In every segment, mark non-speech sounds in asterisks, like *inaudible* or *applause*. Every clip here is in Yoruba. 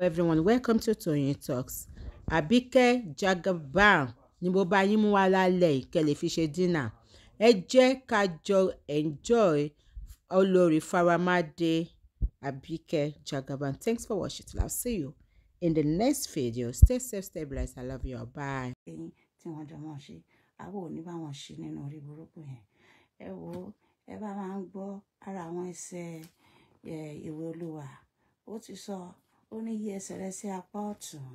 everyone welcome to Toyeen Talks Abike Jagaban ni mo bá yín mú wá lálẹ́ ìkẹ́ fi ṣe dínà ẹ jẹ́ ká jọ enjoy olórí Faramade Abike Jagaban thanks for watching I'll see you in the next video stay safe stay blessed I love you bye. ẹyin tí wọn jọ máa ṣe àwọn ò ní bá wọn ṣe nínú orí burúkú yẹn ẹ wo ẹ bá máa ń gbọ́ ara àwọn ẹsẹ̀ ìwé olúwa ó ti sọ. So, ó ní yí ẹsẹ̀ rẹ sí apá ọ̀tún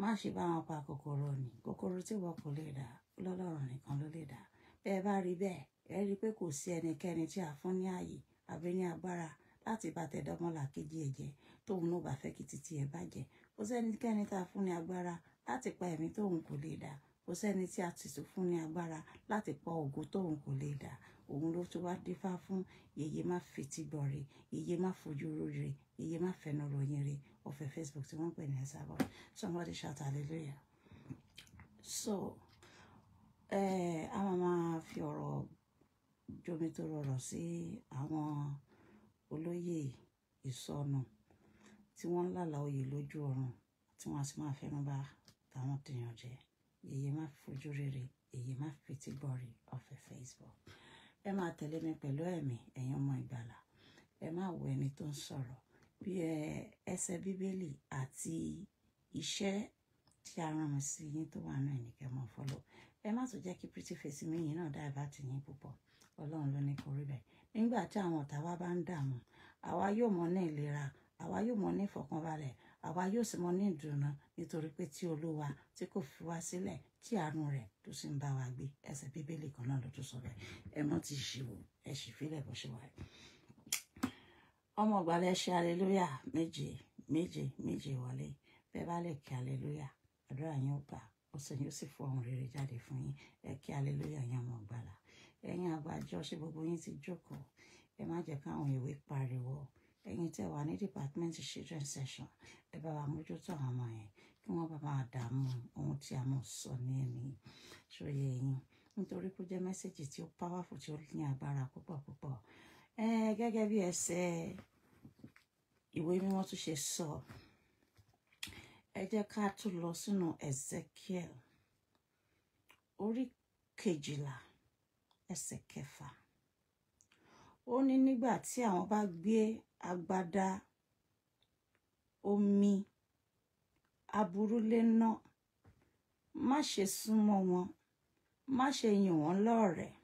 má ṣe bá wọn pa kòkòrò ni kòkòrò tí wọn kò lè dá lọ́lọ́run nìkan ló lè dá bẹ́ẹ̀ bá rí bẹ́ẹ̀ ẹ rí i pé kò sí ẹnikẹ́ni tí a fún ní ààyè àbí ní agbára láti bá tẹ̀dọ́mọ́là kejì ẹ̀ jẹ́ tóun ló bá fẹ́ kí titi ẹ̀ bàjẹ́ kò sẹ́nikẹ́ni tá a fún ní agbára láti pa ẹ̀mí tóun kò lè dá kò sẹ́ni tí a ti tún fún ní agbára láti pa ògo tóun kò lè dà òun ló tún wá dífá fún yèyé má fetí gbọ́ yèyé má fojú rere yèyé má fẹnu ròyìn rẹ̀ ọ̀fẹ́ Facebook tí wọ́n pè ní ẹ̀sàbọ̀ somebody shout hallelujah so a máa máa fi ọ̀rọ̀ jomi tó rọrọ̀ sí àwọn olóyè ìsọnù tí wọ́n ń lálàá oyè lójú ọ̀run tí wọ́n á sì máa fẹ́ràn bá tàwọn tèèyàn jẹ́ èyí má fojú rere èyí má fetí gbọ́rí ọ̀fẹ́ Facebook ẹ máa tẹ̀lé mi pẹ̀lú ẹ̀mí ẹ̀yin ọmọ ìgbàlà ẹ má wo ẹni tó ń sọ̀rọ̀ bí ẹsẹ̀ bíbélì àti iṣẹ́ tí a rán mi sí yín tó wà náà nìkẹ́ mọ́ fọ́lọ́ ẹ má tún jẹ́ kí pretty face mi yìí náà dá ìbá tì yín púpọ̀ ọlọ́run ló ní kó rí bẹ́ẹ̀ nígbà tí àwọn ọ̀tá wa bá ń dààmú àwa yóò mọ ní ìlera àwa yóò mọ ní ìfọ̀kànbalẹ̀ àwa yóò sì mọ ní ìdùnnú nítorí pé tí olúwa tí kò fi wá sílẹ̀ tí àánú rẹ̀ tó sì ń bá wa gbé ẹsẹ̀ bíbélì kan náà ló tún sọ bẹ́ẹ̀ ẹ mọ́ ti ṣìwò ẹ sì fílẹ̀ bó ṣe wà rẹ̀. ọmọ ìgbàlẹ̀ ṣe aleluya méje méje méje wọlé bẹ́ẹ̀ bá lè kí aleluya àdúrà yín ó gbà ó sì yóò sì fún ohun rere jáde fún yín ẹ kí aleluya yín ọmọ ìgbàlà ẹ̀yin àgbàjọ ṣe gbogbo yín ti jókòó ẹ má jẹ́ káwọn ìwé pariwo ẹ̀yin tẹ́ wà ní department children section ẹ bá wa mójútó àwọn ọmọ yẹn kí wọ́n bá máa dààmú ohun tí a mọ̀ sọ ní ẹ̀mí ṣòye ẹ̀yin powerful tí ó ní agbára púpọ̀ púpọ̀ gẹ́gẹ́ bí ẹsẹ̀ ìwé mímọ́ tún ṣe sọ ẹ jẹ́ ká tún lọ sínú Ezekiel orí kejìlá ẹsẹ̀ kẹfà ó ní nígbà agbádá omi aburúlé náà má ṣe súnmọ́ wọn má ṣe yìn wọ́n lọ́rẹ̀ẹ́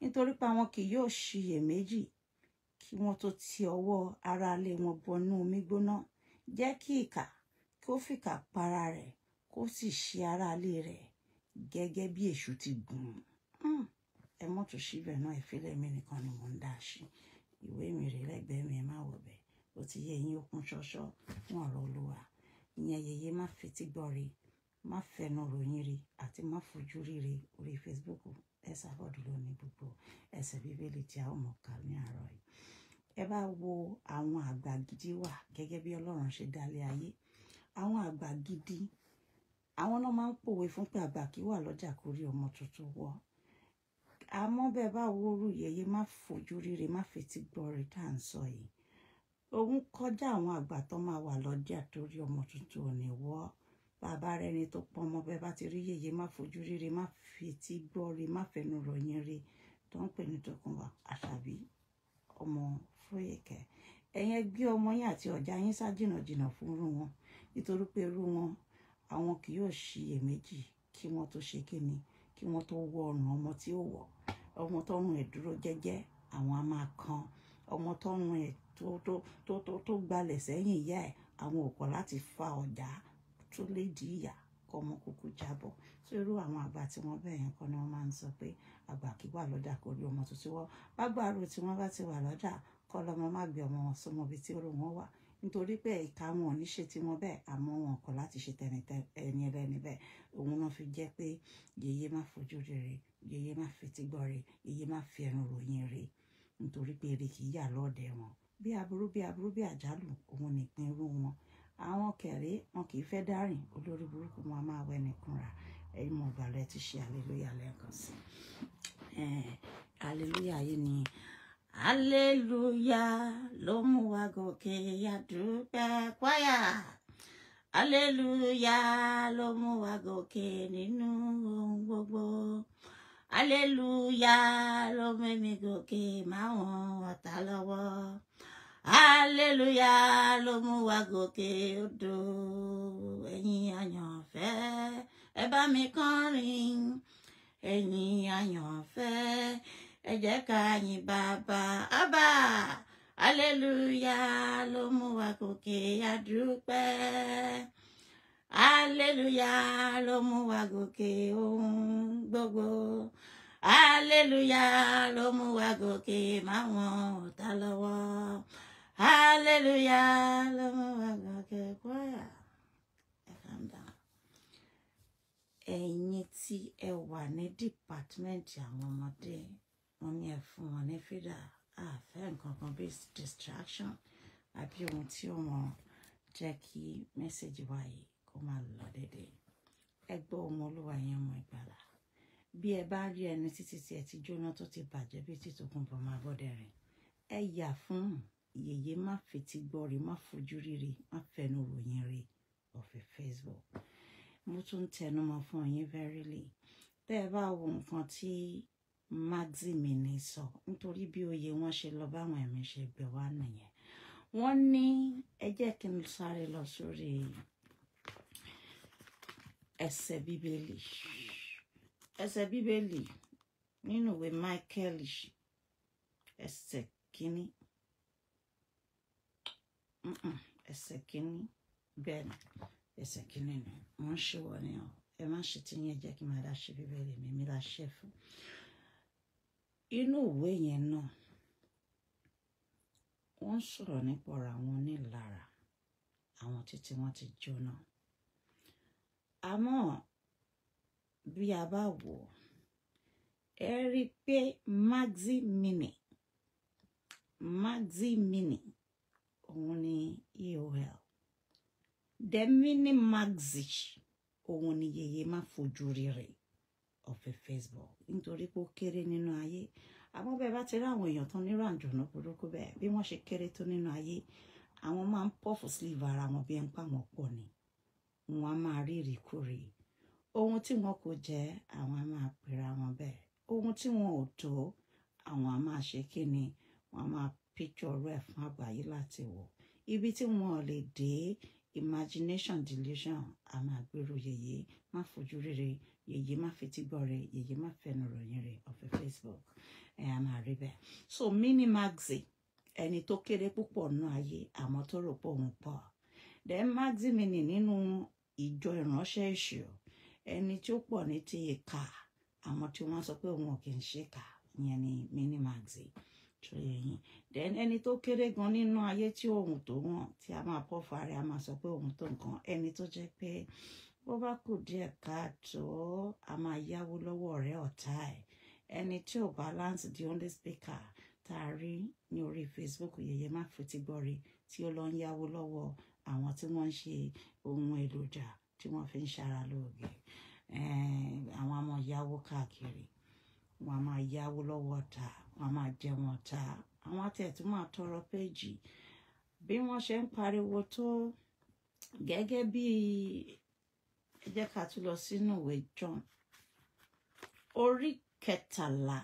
nítorí pé àwọn kì yóò ṣiyèméjì kí wọ́n tó ti ọwọ́ ara lé wọn bọnú omi gbóná jẹ́ kí ìkà kí ó fìkà para rẹ̀ kó sì ṣe ara lé rẹ̀ gẹ́gẹ́ bí èṣù ti gùn hmm, ẹ mọ́tò síbẹ̀ náà ìfẹ́lẹ́ mi nìkan ni mò ń dá ṣe ìwé mi rèé lẹ́gbẹ̀ẹ́ mi ẹ má wọ̀ bẹ́ẹ̀ ó ti yẹ yín ó kún ṣọ́ṣọ́ fún ọ̀rọ̀ olúwa ìyẹn yeye má fetí gbọ́ re má fẹnu ròyìn re àti má fojú rere orí Facebook ẹsẹ àbọ̀dù ló ní gbogbo ẹsẹ̀ bíbélì tí a ó mọ̀ ká ní àárọ̀ yìí ẹ bá wo àwọn àgbà gidi wà gẹ́gẹ́ bí ọlọ́run ṣe dálé ayé àwọn àgbà gidi àwọn náà máa ń pòwe fún pé àgbà kì í wà lọ́jà kórí ọmọ tuntun wọ àmọ́ bẹ́ẹ̀ bá wóoru yẹ̀yẹ́ má fojú rere má fetí gbọ́ rẹ̀ tá à ń sọ yìí òun kọjá àwọn àgbà tó máa wà lọ́jà torí ọmọ tuntun ò ní wọ́ bàbá rẹ ni tó pọn ọmọ bẹ́ẹ̀ bá ti rí yẹ̀yẹ́ má fojú rere má fetí gbọ́ rẹ̀ má fẹnu ròyìn rẹ̀ tó ń pè ní Tókunbọ̀ Àṣàbí ọmọ Fóyèkẹ́ ẹ̀yẹn gbé ọmọ yín àti ọ̀já yín sá jìnnàjìnnà fún irú wọn nítorí pé irú wọn àwọn kì yóò ṣiyèméjì kí wọ́n tó ṣe kíni kí wọ́n tó wọ ọrùn ọmọ tí ó wọ̀ ọmọ tọrùn ẹ̀ dúró jẹ́jẹ́ àwọn á máa kan ọmọ tọrùn ẹ̀ tó tó tó tó tó gbalẹ̀ sẹ́yìn ìyá ẹ̀ àwọn ò kọ̀ láti fa ọ̀dà tó lè di ìyà kọ́ ọmọ kúkú jábọ̀ tó irú àwọn àgbà tí wọ́n bẹ̀ yẹn kọ́ ni wọ́n máa ń sọ pé àgbà kí wà lọ́dà kó rí ọmọ tuntun wọ́n bá gbàrú tí wọ́n bá ti wà lọ́dà kọ́ lọ́mọ má gbé ọmọ wọn sọmọ ibi tí ó rò wọ́n wà nítorí pé ìka wọn ò ní ṣe tiwọn bẹ́ẹ̀ àmọ́ wọn kọ̀ láti ṣe ẹni ẹlẹ́ni bẹ́ẹ̀ òun náà fi jẹ́ pé yèyé má fojú rere yèyé má fetí gbọ́ re yèyé má fi ẹnu ròyìn re nítorí pé èrè kìí yà lọ́ọ̀dẹ̀ wọn bí aburú bí aburú bí àjálù òun nìpín irú wọn àwọn kẹrẹ wọn kì í fẹ́ dárìn olórí burúkú wọn a máa wẹ nìkan ra ẹ̀yin mọ̀ ìgbàlẹ̀ ti ṣe hallelujah lẹ́ẹ̀kan sí hallelujah yìí ni aleluya lomu mú wa gòkè àdúpẹ́ kwaya aleluya ló mú wa gòkè nínú ohun gbogbo aleluya ló mẹ́mi gòkè máwọn ọ̀tá lọ́wọ́ aleluya ló mú wa gòkè ẹ jẹ́ ká yìn bàbá àbá aleluya ló mú wa gòkè àdúpẹ́ aleluya ló mú wa gòkè ohun gbogbo aleluya ló mú wa gòkè máwọn ọ̀tá lọ́wọ́ aleluya ló mú wa gòkè kwaya ẹ̀yin tí ẹ wà ní dìpátímẹ́ǹtì àwọn ọmọdé wọ́n ní ẹ fún wọn ní fídà àfẹ́ nǹkan kan bí distraction àbí ohun tí ó wọn jẹ́ kí mẹ́sẹ̀gì wa yìí kó máa lọ déédéé ẹ gbọ́ ọmọ olúwa yẹn ọmọ ìgbàlà bí ẹ bá rí ẹni títí tí ẹ ti jóná tó ti bàjẹ́ bí tìtòkùnbọ̀ máa bọ́dẹ̀ rìn ẹ yà fún yèyé má fetí gbọ́ rí má fojú rírí má fẹnu ròyìn rí ọ̀fẹ́ Facebook mo tún tẹnumọ́ fún yín verily tẹ́ ẹ bá wo nǹkan tí maximi ní sọ nítorí bí oyè wọn ṣe lọ báwọn ẹ̀mí ṣe gbẹ wá nìyẹn wọ́n ní ẹ jẹ́ kí n sáré lọ sórí ẹsẹ̀ bíbélì ẹsẹ̀ bíbélì nínú ìwé Michael ẹsẹ̀ kínní ẹsẹ̀ kínní bẹ́ẹ̀ ni ẹsẹ̀ kínní ni wọ́n ṣe wọ ni ọ ẹ má ṣe tí yẹn jẹ́ kí n máa dá ṣe bíbélì mi mi là ṣe fún un inú ìwé yẹn náà wọ́n ń sọ̀rọ̀ nípa ọ̀rọ̀ àwọn onílára àwọn títí wọ́n ti jóná àmọ́ bí a bá wò ẹ rí i pé maxi mini maxi mini òun ni eol the mini maxi òun ni yeye má fojú rí rèé of a Facebook nítorí pé ó kéré nínú ayé àmọ́ bẹ́ẹ̀ bá ti rí àwọn èèyàn tó nírò àjọ̀nà burúkú bẹ́ẹ̀ bí wọ́n ṣe kéré tó nínú ayé àwọn máa ń pọ̀fù sílìvà ara wọn bí ẹn pa wọn pọ̀ ni wọn á máa rí ìrìkúrì ohun tí wọn kò jẹ àwọn á máa pera wọn bẹ́ẹ̀ ohun tí wọn ò tó àwọn á máa ṣe kí ni wọn á máa píjọ rẹ fún àgbáyé láti wò ibi tí wọn ò lè dé imagination delusion a máa gbèrú yẹyẹ má fojú rere yèyé má fetí gbọ́ rẹ̀ yèyé má fẹnu ròyìn rẹ̀ ọ̀fẹ́ facebook ẹ̀ á máa rí bẹ́ẹ̀ so mini Magzi, ẹni tó kéré púpọ̀ nú ayé àmọ́ tó rò pé òun pọ̀ then Magzi mini nínú ìjọ ìránṣẹ́ èṣù ẹni tí ó pọ̀ ní ti ìka àmọ́ tí wọ́n sọ pé òun ò kì í ṣe kà ìyẹn ni mini Magzi. tó yẹ yín then ẹni tó kéré gan nínú ayé tí òun tó wọ̀n tí a máa pọ̀ fún ara a máa sọ pé òun tó nǹkan ẹni tó jẹ́ pé bó bá kù díẹ̀ káàtó a máa yáwó lọ́wọ́ ọ̀rẹ́ ọ̀tá ẹ̀ ẹni tí ò balance the only speaker tá a rí ní orí Facebook yẹyẹ má fi ti gbọ́ rí tí ó lọ ń yáwó lọ́wọ́ àwọn tí wọ́n ń ṣe ohun èròjà tí wọ́n fi ń ṣara lóògì àwọn ọmọ yáwó káàkiri wọ́n máa yáwó lọ́wọ́ ọ̀tá wọ́n máa jẹun ọ̀tá àwọn àtẹ̀tún máa tọrọ péjì bí wọ́n ṣe ń pariwo tó gẹ́gẹ́ bí ẹ jẹ́ ká tún lọ sínú ìwé John orí kẹtàlá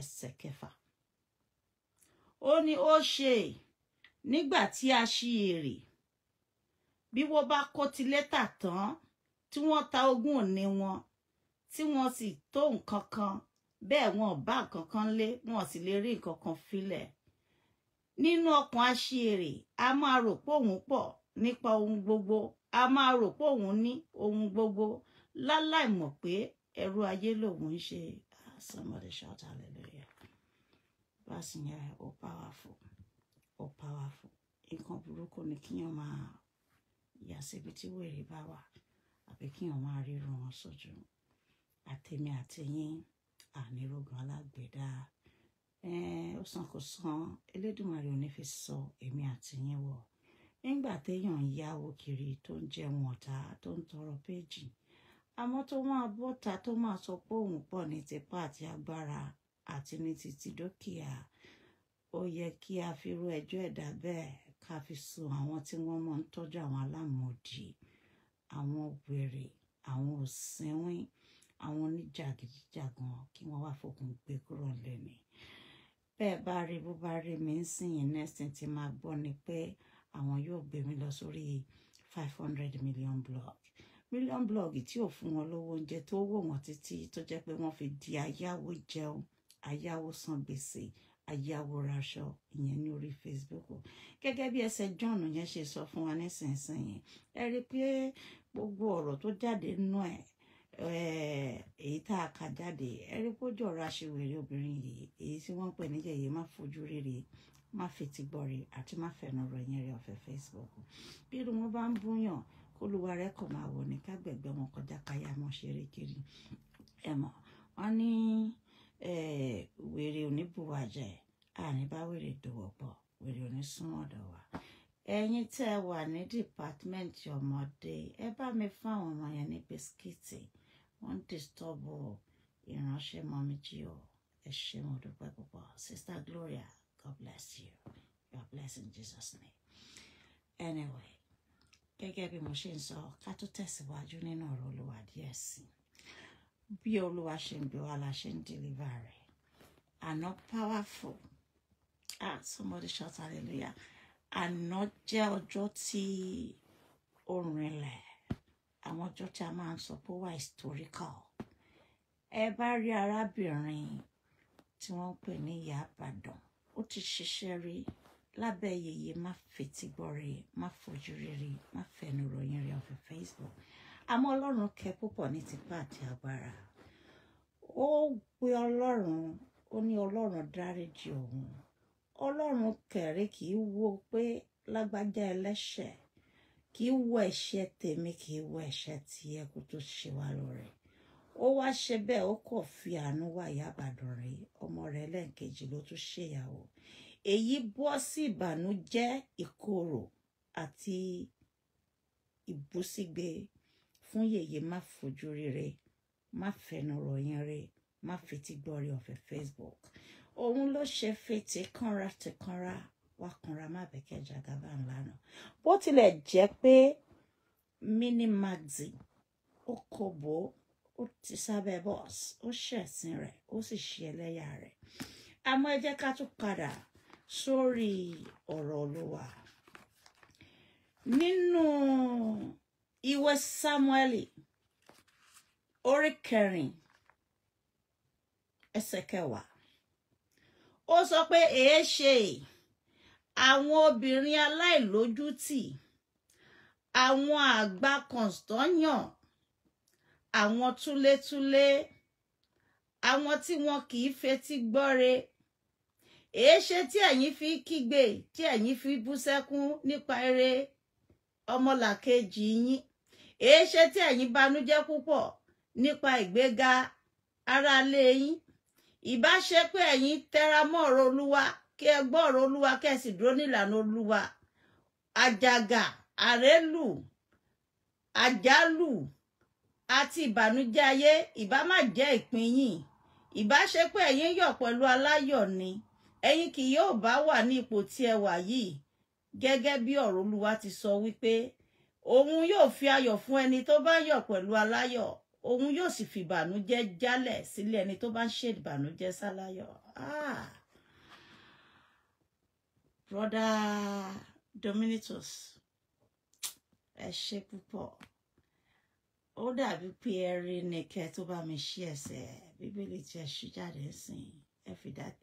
ẹsẹ̀ kẹfà ó ní ó ṣe nígbà tí a ṣí èrè bí wọ́n bá kó ti lẹ́tà tán tí wọ́n ta ogún òní wọn tí wọ́n sì tó nǹkan kan bẹ́ẹ̀ wọn ò bá nǹkan kan lé wọn sì lè rí nǹkan kan filẹ̀ nínú ọkàn aṣèrè a máa rò pé òun pọ̀ nípa ohun gbogbo a máa rò pé òun ní ohun gbogbo láláì mọ̀ pé ẹrú ayé lòun ń ṣe somebody shout hallelujah verse yẹn ó powerful ó powerful nǹkan burúkú ni kíyàn máa yà síbi tí wèrè bá wà àbí kíyàn máa ríru wọn sójú àtèmi àtẹ̀yìn ànírógun alágbèdá ó sàn kó sàn Elédùmarè ò ní fi sọ èmi àtẹ̀yìn wọ̀ nígbà téèyàn ń yáwó kiri tó ń jẹun ọ̀tá tó ń tọrọ péjì àmọ́ tó máa bọ́ta tó máa sọ pé òun pọ̀ ní tipa àti agbára àti ní títí dúkìá ó yẹ kí a fi rú ẹjọ́ ẹ̀dá bẹ́ẹ̀ ká fi sùn àwọn tí wọ́n máa ń tọ́jú àwọn alámọ̀dì àwọn wèrè àwọn òsínwín àwọn oníjàgídíjàgan kí wọ́n wá fòkun gbé kúrò lẹ́nu bẹ́ẹ̀ bá rí bó bá rí mi ń sìn yín nẹ́sìn tí máa gbọ́ ni pé. Pe àwọn yóò gbé mi lọ sórí five hundred million blog million blog tí ò fún wọn lówó oúnjẹ tó wò wọ́n títí tó jẹ́ pé wọ́n fi di ayáwó jẹun ayáwó san gbèsè ayáwó raṣọ ìyẹn ní orí Facebook gẹ́gẹ́ bí ẹsẹ̀ John yẹn ṣe sọ fún wa nísinsìnyí ẹ rí i pé gbogbo ọ̀rọ̀ tó jáde nú ẹ̀ èyí tá a kà jáde ẹ rí i pé ó jọra ṣe wèrè obìnrin yìí èyí tí wọ́n pè níjẹ̀ yìí má fojú rere má fi ti gbọ̀rì àti má fẹnu rọ ìyẹn rẹ ọ̀fẹ́ Facebook bí irú wọn bá ń búyàn kólúwa rẹ kàn máa wọ̀ ní kágbẹ̀gbẹ́ wọn kọjá káyà mọ́ ṣeré kiri ẹ̀mọ́ wọn ní wèrè oníbùwàjẹ́ àní bá wèrè dòwò pọ̀ wèrè onísúnmọ̀dọ̀ wa ẹ̀yin tẹ́ ẹ wà ní dìpátímẹ́ǹtì ọmọdé ẹ bá mi fún àwọn ọmọ yẹn ní bisikíìtì wọ́n ń dìstọ́bù ìránṣẹ́ mọ́mí jí o ẹ ṣé mo dúpẹ́ púpọ̀ Sister Gloria God bless you. You are in Jesus' name. Anyway, gẹ́gẹ́ bí mo ṣe ń sọ ká tó tẹ̀síwájú nínú ọ̀rọ̀ olúwa díẹ̀ sí i bí olúwa ṣe ń bí wa la ṣe ń deliver rẹ̀ àná powerful ah somebody shout hallelujah àná jẹ́ ọjọ́ tí ó rinlẹ̀ àwọn ọjọ́ tí a máa ń sọ pé wà historical ẹ bá rí arábìnrin tí wọ́n ń pè ní ìyá àbàdàn ó ti ṣiṣẹ́ rí lábẹ́ yèyé má fetí gbọ́ rẹ̀ má fojú rere má fẹnu ròyìn rẹ̀ ọ̀fẹ́ Facebook àmọ́ ọlọ́run kẹ́ púpọ̀ ní tipa àti agbára ó gbé ọlọ́run ó ní ọlọ́run dáríjì òun ọlọ́run kẹ̀rí kì í wo pé lágbájá ẹlẹ́ṣẹ̀ kì í wo ẹ̀ṣẹ̀ tèmi kì í wo ẹ̀ṣẹ̀ tiẹ̀ kó tó ṣe wá lóore ó wá ṣe bẹ́ẹ̀ ó kọ̀ fi àánú wá ìyá àbàdàn rẹ̀ ọmọ rẹ̀ lẹ́ẹ̀kejì ló tún ṣèyàwó èyí bọ́ sí ìbànújẹ́ ìkorò àti ìbúsígbe fún yèyé má fojú rere má fẹnu ròyìn rẹ̀ má fetí gbọ́rí ọ̀fẹ́ Facebook òun ló ṣe fetí kánra ti kánra wá kanra má bẹ̀kẹ́ jagaba ńlá náà bó tilẹ̀ jẹ́ pé mini magazine, ó kò bó ó ti sábẹ́ bọ́ọ̀sì ó ṣẹ̀sìn rẹ̀ ó sì ṣe ẹlẹ́yà rẹ̀ àmọ́ ẹ jẹ́ ká tún padà sórí ọ̀rọ̀ olúwa nínú ìwé Sámúẹ́lì orí kẹrin ẹsẹ̀ kẹwàá ó sọ pé èé ṣe àwọn obìnrin aláìlójútì àwọn àgbà kọ̀ǹtọ́yàn àwọn túlétúlé àwọn tí wọn kì í fetí gbọ́re èéṣe tí ẹ̀yin fi kígbe tí ẹ̀yin fi bú sẹ́kún nípa eré ọmọlàkejì yín èéṣe tí ẹ̀yin banújẹ́ púpọ̀ nípa ìgbéga aráalé yín ìbá ṣe pé ẹ̀yin tẹra mọ́ ọ̀rọ̀ olúwa kí ẹ gbọ́ ọ̀rọ̀ olúwa kẹ́ sì dúró nílànà olúwa àjàgà àrélù àjálù àti ìbànújẹ́ ayé ìbá má jẹ́ ìpín yín ìbá ṣe pé ẹ̀yin yọ̀ pẹ̀lú aláyọ̀ ni ẹ̀yin kì yóò bá wà ní ipò tí ẹ wà yìí gẹ́gẹ́ bí ọ̀rọ̀ Olúwa ti sọ wípé òun yóò fi ayọ̀ fún ẹni tó bá yọ̀ pẹ̀lú aláyọ̀ òun yóò sì fi ìbànújẹ́ jálẹ̀ sílẹ̀ ẹni tó bá ń ṣe ìbànújẹ́ sáláyọ̀ ah brother Dominatus ẹ ṣe púpọ̀ ó dàbí pé ẹ rí ni kẹ tó bá mi ṣí ẹsẹ̀ bíbélì tí ẹ ṣú jáde sìn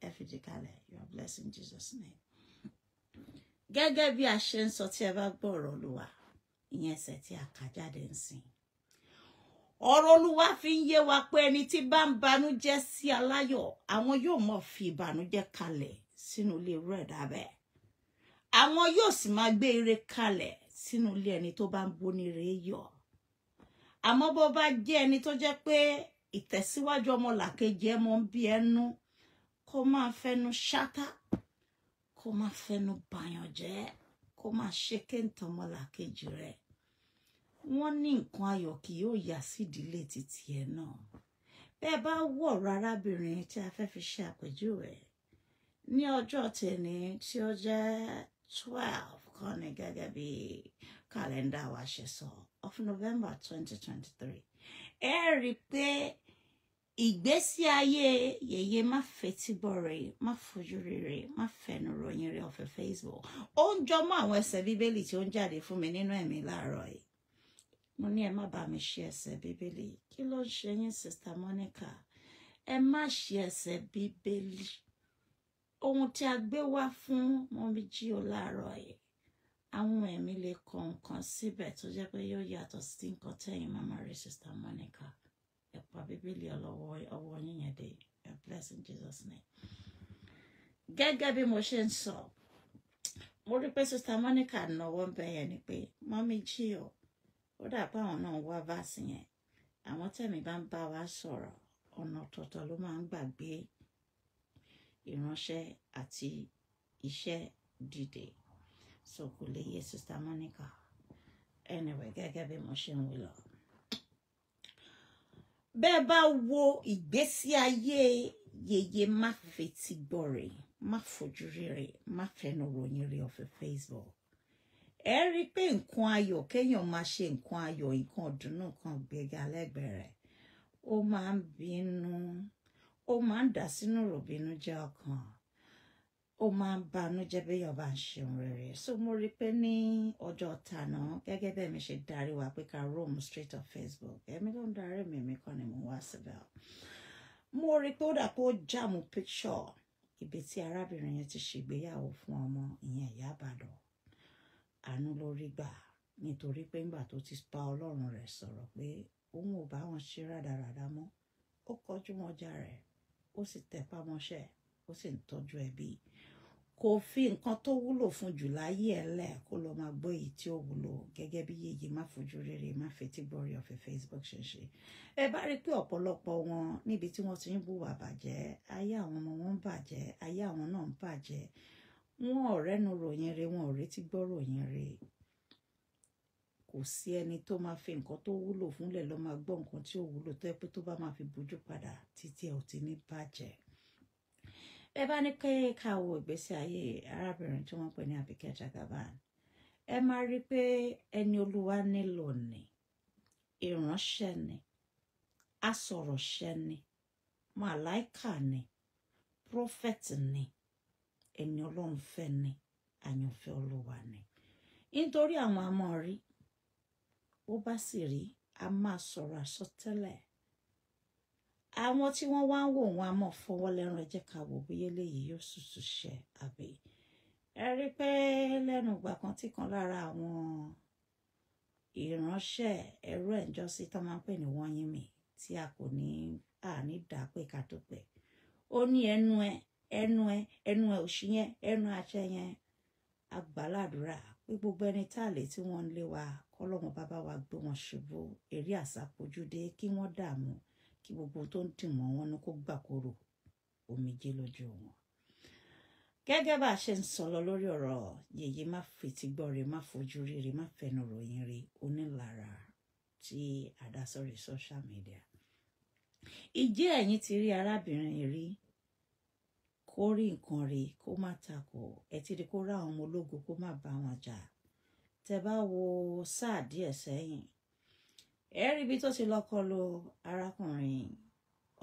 ẹ fìdí kalẹ̀ you are blessing Jesus name. gẹ́gẹ́ bí a ṣe ń sọ tí ẹ bá gbọ́ ọ̀rọ̀ Olúwa ìyẹn ẹsẹ̀ tí a kà jáde ń sìn ọ̀rọ̀ Olúwa fi ń yé wa pé ẹni tí bá ń banújẹ́ sí aláyọ̀ àwọn yóò mọ̀ fi ìbànújẹ́ kalẹ̀ sínú ilé irú ẹ̀dá àwọn yóò sì máa gbé ire kalẹ̀ sínú ilé ẹni tó bá ń bóni yọ̀ àmọ́ bó bá jẹ́ ẹni tó jẹ́ pé ìtẹ̀síwájú ọmọ làkejì ẹ mọ ń bí ẹnu kó máa fẹnu ṣátá kó máa fẹnu bàyàn jẹ́ kó máa ṣe kéńtà ọmọ làkejì rẹ̀ wọ́n ní nǹkan ayọ̀ kì yóò yà sídìílé títí ẹ náà bẹ́ẹ̀ bá wọ̀ rárábìnrin tí a fẹ́ fi ṣe àpèjúwe ní ọjọ́ tèmi tí ó jẹ́ twelve kọ́ni gẹ́gẹ́ bí kàlẹ́ndà wa ṣe sọ. So of November 2023 ẹ rí i pé ìgbésí ayé yèyé má fetígbọ́ rẹ̀ má fojú rere má fẹnu ròyìn rẹ̀ ọ̀fẹ́ Facebook ó ń jọmọ́ àwọn ẹsẹ̀ bíbélì tí ó ń jáde fún mi nínú ẹ̀mí láàárọ̀ yìí mo ní ẹ má bá mi ṣe ẹsẹ̀ bíbélì kí ló ń ṣe yín Sister Monica ẹ má ṣe ẹsẹ̀ bíbélì ohun tí a gbé wá fún mọ́mí jí o láàárọ̀ yìí àwọn ẹ̀mí lè kọ nǹkan síbẹ̀ tó jẹ́ pé yóò yàtọ̀ sí nǹkan tẹ̀yìn mama rẹ̀ sister Monica ẹ̀pà bíbélì ọlọ́wọ́ ọwọ́ yíyan dé and blessing Jesus name. gẹ́gẹ́ bí mo ṣe ń sọ mo rí pé sister Monica náwó ń bẹ yẹn ni pé mọ́mí jí o ó dà pé àwọn náà ń wá báàsì yẹn àwọn tẹ̀mí bá ń bá wa sọ̀rọ̀ ọ̀nà ọ̀tọ̀ọ̀tọ̀ ló máa ń gbàgbé ìránṣẹ́ àti iṣẹ́ dìde so kò lè yé Monica anyway gẹ́gẹ́ bí mo ṣe Beba wo ìgbésí ayé yeye ma fetí bore ma má ma rí rẹ̀ má fẹnu ròyìn rẹ̀ Facebook ẹ pe i pé nǹkan ayọ̀ kéèyàn máa ṣe yo ayọ̀ nǹkan ọ̀dùnnú nǹkan gbẹ̀gà lẹ́gbẹ̀ẹ́ rẹ̀ ó máa ń bínú ó máa ń dà ó máa ń banújẹ́ béèyàn bá ń ṣeun rere so mo rí i pé ní ọjọ́ tànà gẹ́gẹ́ bẹ́ẹ̀ mi ṣe darí wa pé ká roam straight on Facebook èmi ló ń darí mi èmi kan ni mo wá síbẹ̀ mo rí i pé ó dà pé ó jàmù picture ibi tí arábìnrin yẹn ti ṣègbéyàwó fún ọmọ ìyẹn ìyá àbàdàn àánú ló rí gbà nítorí pé ńgbà tó ti pa ọlọ́run rẹ̀ sọ̀rọ̀ pé òun ò bá wọn ṣe rádaràda mọ́ ó kọjú mọ́jà rẹ̀ ó sì tẹpá mọ́ṣẹ́ ó sì ń tọ́jú ẹbí kò fi nǹkan tó wúlò fún jù láyé ẹ lẹ kó lọ máa gbọ́ èyí tí ó wúlò gẹ́gẹ́ bí yèyé má fojú rere má fetí gbọrí ọ̀fẹ́ Facebook ṣe ṣe ẹ bá rí i pé ọ̀pọ̀lọpọ̀ wọn níbi tí wọ́n ti ń bùwà bàjẹ́ ayé àwọn ọmọ wọn ń bàjẹ́ ayé àwọn náà ń bàjẹ́ wọn ò rẹ́nu ròyìn re wọn ò retí gbọ́ ròyìn re kò sí ẹni tó máa fi nǹkan tó wúlò fúnlẹ̀ lọ máa gbọ́ nǹkan tí ò wúlò tó yẹ pé tó bá máa fi bójú padà títí ẹ ò ti ní bàjẹ́ ẹ bá ní pé ká wo ìgbésí ayé arábìnrin tí wọ́n pè ní Àbíkẹ́ Jagaban ẹ máa rí pé ẹni olúwa nílò ni ìránṣẹ́ ni asọ̀rọ̀ṣẹ́ ni màláìkà ni prọfẹ̀tì ni ẹni ọlọ́run ni àyànfẹ́ olúwa ni nítorí àwọn amọ̀ rí bó bá sì rí a máa sọ̀rọ̀ àsọtẹ́lẹ̀ àwọn tí wọ́n wá ń wò wọ́n á mọ̀ fọwọ́ lẹ́rùn ẹ jẹ́ ká wò bóyá eléyìí yóò ṣùṣù ṣe àbí ẹ rí pé lẹ́nu ìgbà kan tí kan lára àwọn ìránṣẹ́ ẹ̀rọ ẹ̀jọ́sí tó máa ń pè ní wọ́n yín mi tí a kò ní àní dà pé ká tó pẹ́ ó ní ẹnu ẹ ẹnu ẹ ẹnu ẹ òṣì yẹn ẹnu àṣẹ yẹn agbáládùra pé gbogbo ẹni tá a lè tí wọ́n ń lé wa kọ́lọ́mọ bàbá wa gbé wọn ṣubú eré àsápojúdé kí wọ́n dààmú kí gbogbo tó ń tì wọ́n wọn ní kó gbàkóró omijé lójú wọn. gẹ́gẹ́ bá a ṣe ń sọ lọ lórí ọ̀rọ̀ yèyé má fetí gbọ́ rẹ̀ má fojú rere má fẹnu ròyìn rẹ̀ onílara tí àdásọ̀rí social media. ìjẹ́ ẹ̀yin ti rí arábìnrin rí kó rí nǹkan rí kó má takò ẹ ti rí kó rá àwọn ọmọ ológun kó má bá wọn jà tẹ bá wo sáà díẹ̀ sẹ́yìn ẹ rí ibi tó ti lọ kọlù arákùnrin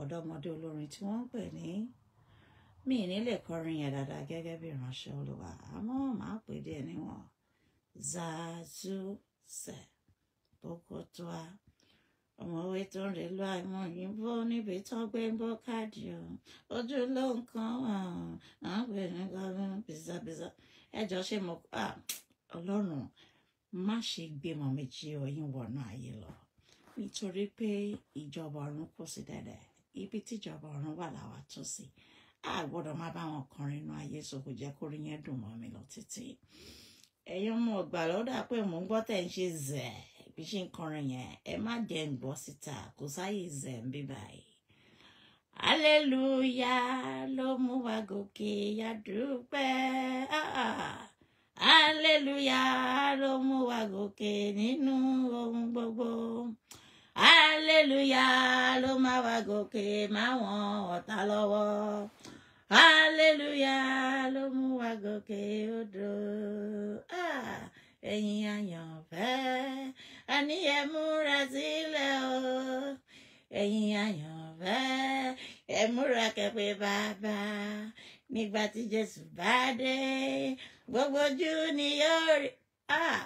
ọ̀dọ́mọdé olórin tí wọ́n ń pè ní mi nílẹ̀ kọrin yẹn dáadáa gẹ́gẹ́ bí ìránṣẹ́ olúwa àmọ́ màá pè díẹ̀ níwọ̀n zazusẹ bokotoa ọmọwé tó ń rè lọ àìmọ òyìnbó níbi tó gbé ń bọ káàdì o ojú ló ń kan à ń pè ní gbọmọ bizabiza ẹjọ ṣe mọ ọlọ́run má ṣe gbé mọ méjì ọyìn wọnú ayé lọ nítorí pé ìjọba ọ̀run kò sí dẹ́dẹ́ ibi tí ìjọba ọ̀run wà làwa tó sí a gbọ́dọ̀ má bá wọn kọrin inú ayé sọ̀kò jẹ́ kó rí yẹn dùn mọ́ mi lọ títí ẹ̀yin ọmọ ọgbà lọ́dà pé mò ń gbọ́ tẹ̀ ń ṣe zẹ̀ bí ṣe ń kọrin yẹn ẹ má jẹ́ ń gbọ́ síta kò sáyè zẹ̀ ń bí báyìí aleluya ló mú wa gòkè yàdúpẹ́ aleluya ló mú wa gòkè nínú ohun gbogbo. Hallelujah, ló máa wá gòkè máwọn ọ̀tá lọ́wọ́ aleluya ló mú wa gòkè odò ah, ẹ̀yin àyànfẹ́ àní ẹ múra sílẹ̀ o ẹ̀yin àyànfẹ́ ẹ múra kẹ́pẹ́ bàbá nígbà tí Jésù bá dé gbogbo ojú ni yóò rí ah,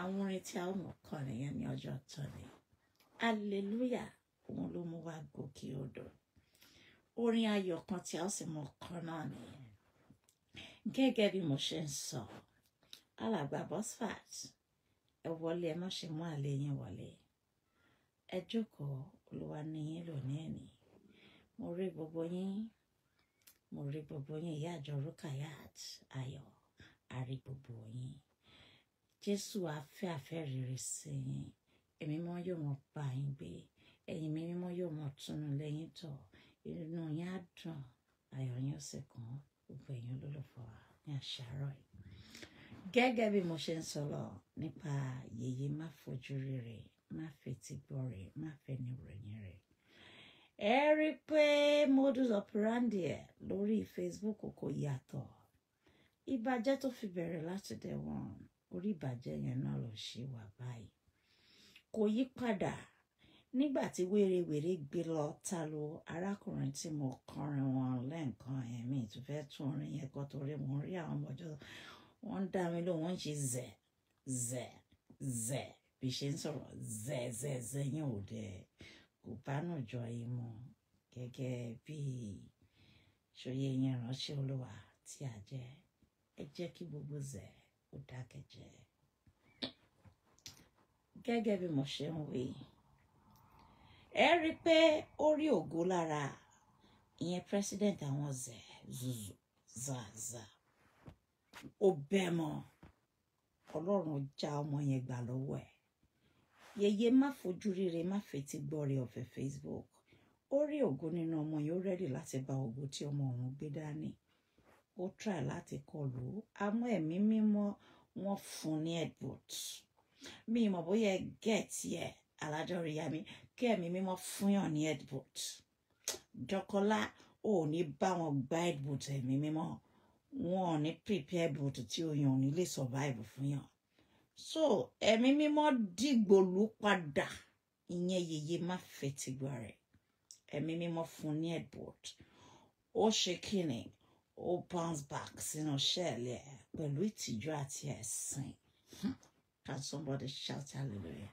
àwọn orin tí a ó mọ̀ kọ́ nìyẹn ní ọjọ́ tó ni hallelujah òun ló mú wa gòkè odò orin ayọ̀ kan tí a ó sì mọ kan náà nìyẹn gẹ́gẹ́ bí mo ṣe ń sọ alàgbà bosfat ẹ wọlé ẹ má ṣe mú àlè yín wọlé ẹ jókòó olúwa ni yín lónìí ẹ̀nì mo rí gbogbo yín mo rí gbogbo yín ìyá àjọ rukayat ayọ̀ àrí gbogbo yín jésù afẹ́ afẹ́ rere sí yín ẹ̀mí mímọ́ yóò mọ̀ bá yín gbé ẹ̀yin mi mímọ́ yóò mọ̀ túnú lẹ́yìn tọ̀ inú yín á dùn ayọ̀ yín ó sì kún gbogbo ẹ̀yin olólùfọ́ ní àṣàrọ̀ yìí. gẹ́gẹ́ bí mo ṣe ń sọ̀rọ̀ nípa yèyé má fojú rí rẹ̀ má fetí gbọ́ rẹ̀ má fẹnu ròyìn rẹ̀ ẹ rí i pé modus operandi ẹ̀ lórí Facebook kò yàtọ̀ ìbàjẹ́ tó fi bẹ̀rẹ̀ láti dẹ̀ wọ́n orí ìbàjẹ́ yẹn náà ló ṣì wà báyìí kò yí padà nígbà tí wérewère gbé lọ ta lo arákùnrin tí mo kọrin wọn lẹ́ǹkan ẹ̀mí tó fẹ́ tún orin yẹn kọ́ torí mo rí àwọn ọmọdé wọ́n ń dá mi lóhùn wọ́n ń ṣe zẹ̀ zẹ̀ zẹ̀ bí ṣe ń sọ̀rọ̀ zẹ̀ zẹ̀ zẹ̀ yẹn ò dẹ̀ kò bá nù jọ yín mu gẹ́gẹ́ bí ṣòye yẹn ránṣẹ́ olúwa tí a jẹ́ ẹ jẹ́ kí gbogbo zẹ̀ ó dákẹ́ jẹ́ gẹ́gẹ́ bí mo ṣe ń wí ẹ rí i pé ó rí ògo lára ìyẹn president àwọn zẹ zuzu zaza ó bẹ́ mọ́ ọlọ́run já ọmọ yẹn gbà lọ́wọ́ ẹ̀ yẹyẹ má fojú rere má fetí gbọ́ ọ̀fẹ́ Facebook ó rí ògo nínú ọmọ yẹn ó rẹ́dì láti bá ògo tí ọmọ ọ̀hún gbé dání ó try láti kọlù àmọ́ ẹ̀mí mímọ́ wọn fún ní edward mi mo bóyá ẹ gẹ̀ẹ́tì ẹ alájọrí ya mi kí mo mímọ́ fúnyàn ní headboot jọkọlá ò ní bá wọn gba headboot ẹ̀mí mímọ́ wọn ò ní prepare headboot ti oyin ò ní lè survive fúnyàn so ẹ̀mí mímọ́ dìgbòlù padà ìyẹn yèyé má fẹ́ ti gbà rẹ̀ ẹ̀mí mímọ́ fún ní headboot ó ṣe kíni ó bounce back sínú ṣẹ́ẹ̀lì ẹ̀ pẹ̀lú ìtìjú àti ẹ̀sìn. Can somebody shout hallelujah?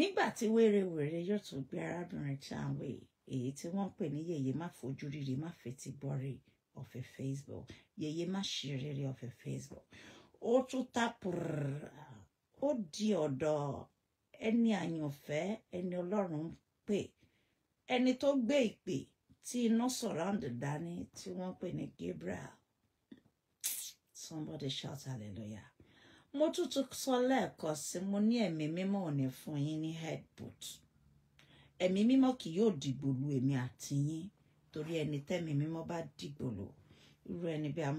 Nígbà tí wèrèwèrè yóò tún gbé arábìnrin tí à ń wé èyí tí wọ́n ń pè ní yèyé má fojú rírì má fetí gbọ́ rè ọ̀fẹ́ Facebook yèyé má ṣe rere ọ̀fẹ́ Facebook ó tún ta pùrùrù ó di ọ̀dọ̀ ẹni àyànfẹ́ ẹni ọlọ́run ń pè ẹni tó gbé ìpè tí iná surround dání tí wọ́n pè ní Gabriel somebody shout hallelujah mo tún tún sọ lẹ́ẹ̀kan sí mo ní ẹ̀mí mímọ́ ò ní fún yín ní headbutt ẹ̀mí mímọ́ kì yóò dìgbò lu èmi àti yín torí ẹni tẹ́mi mímọ́ bá dìgbò lò irú ẹni bí a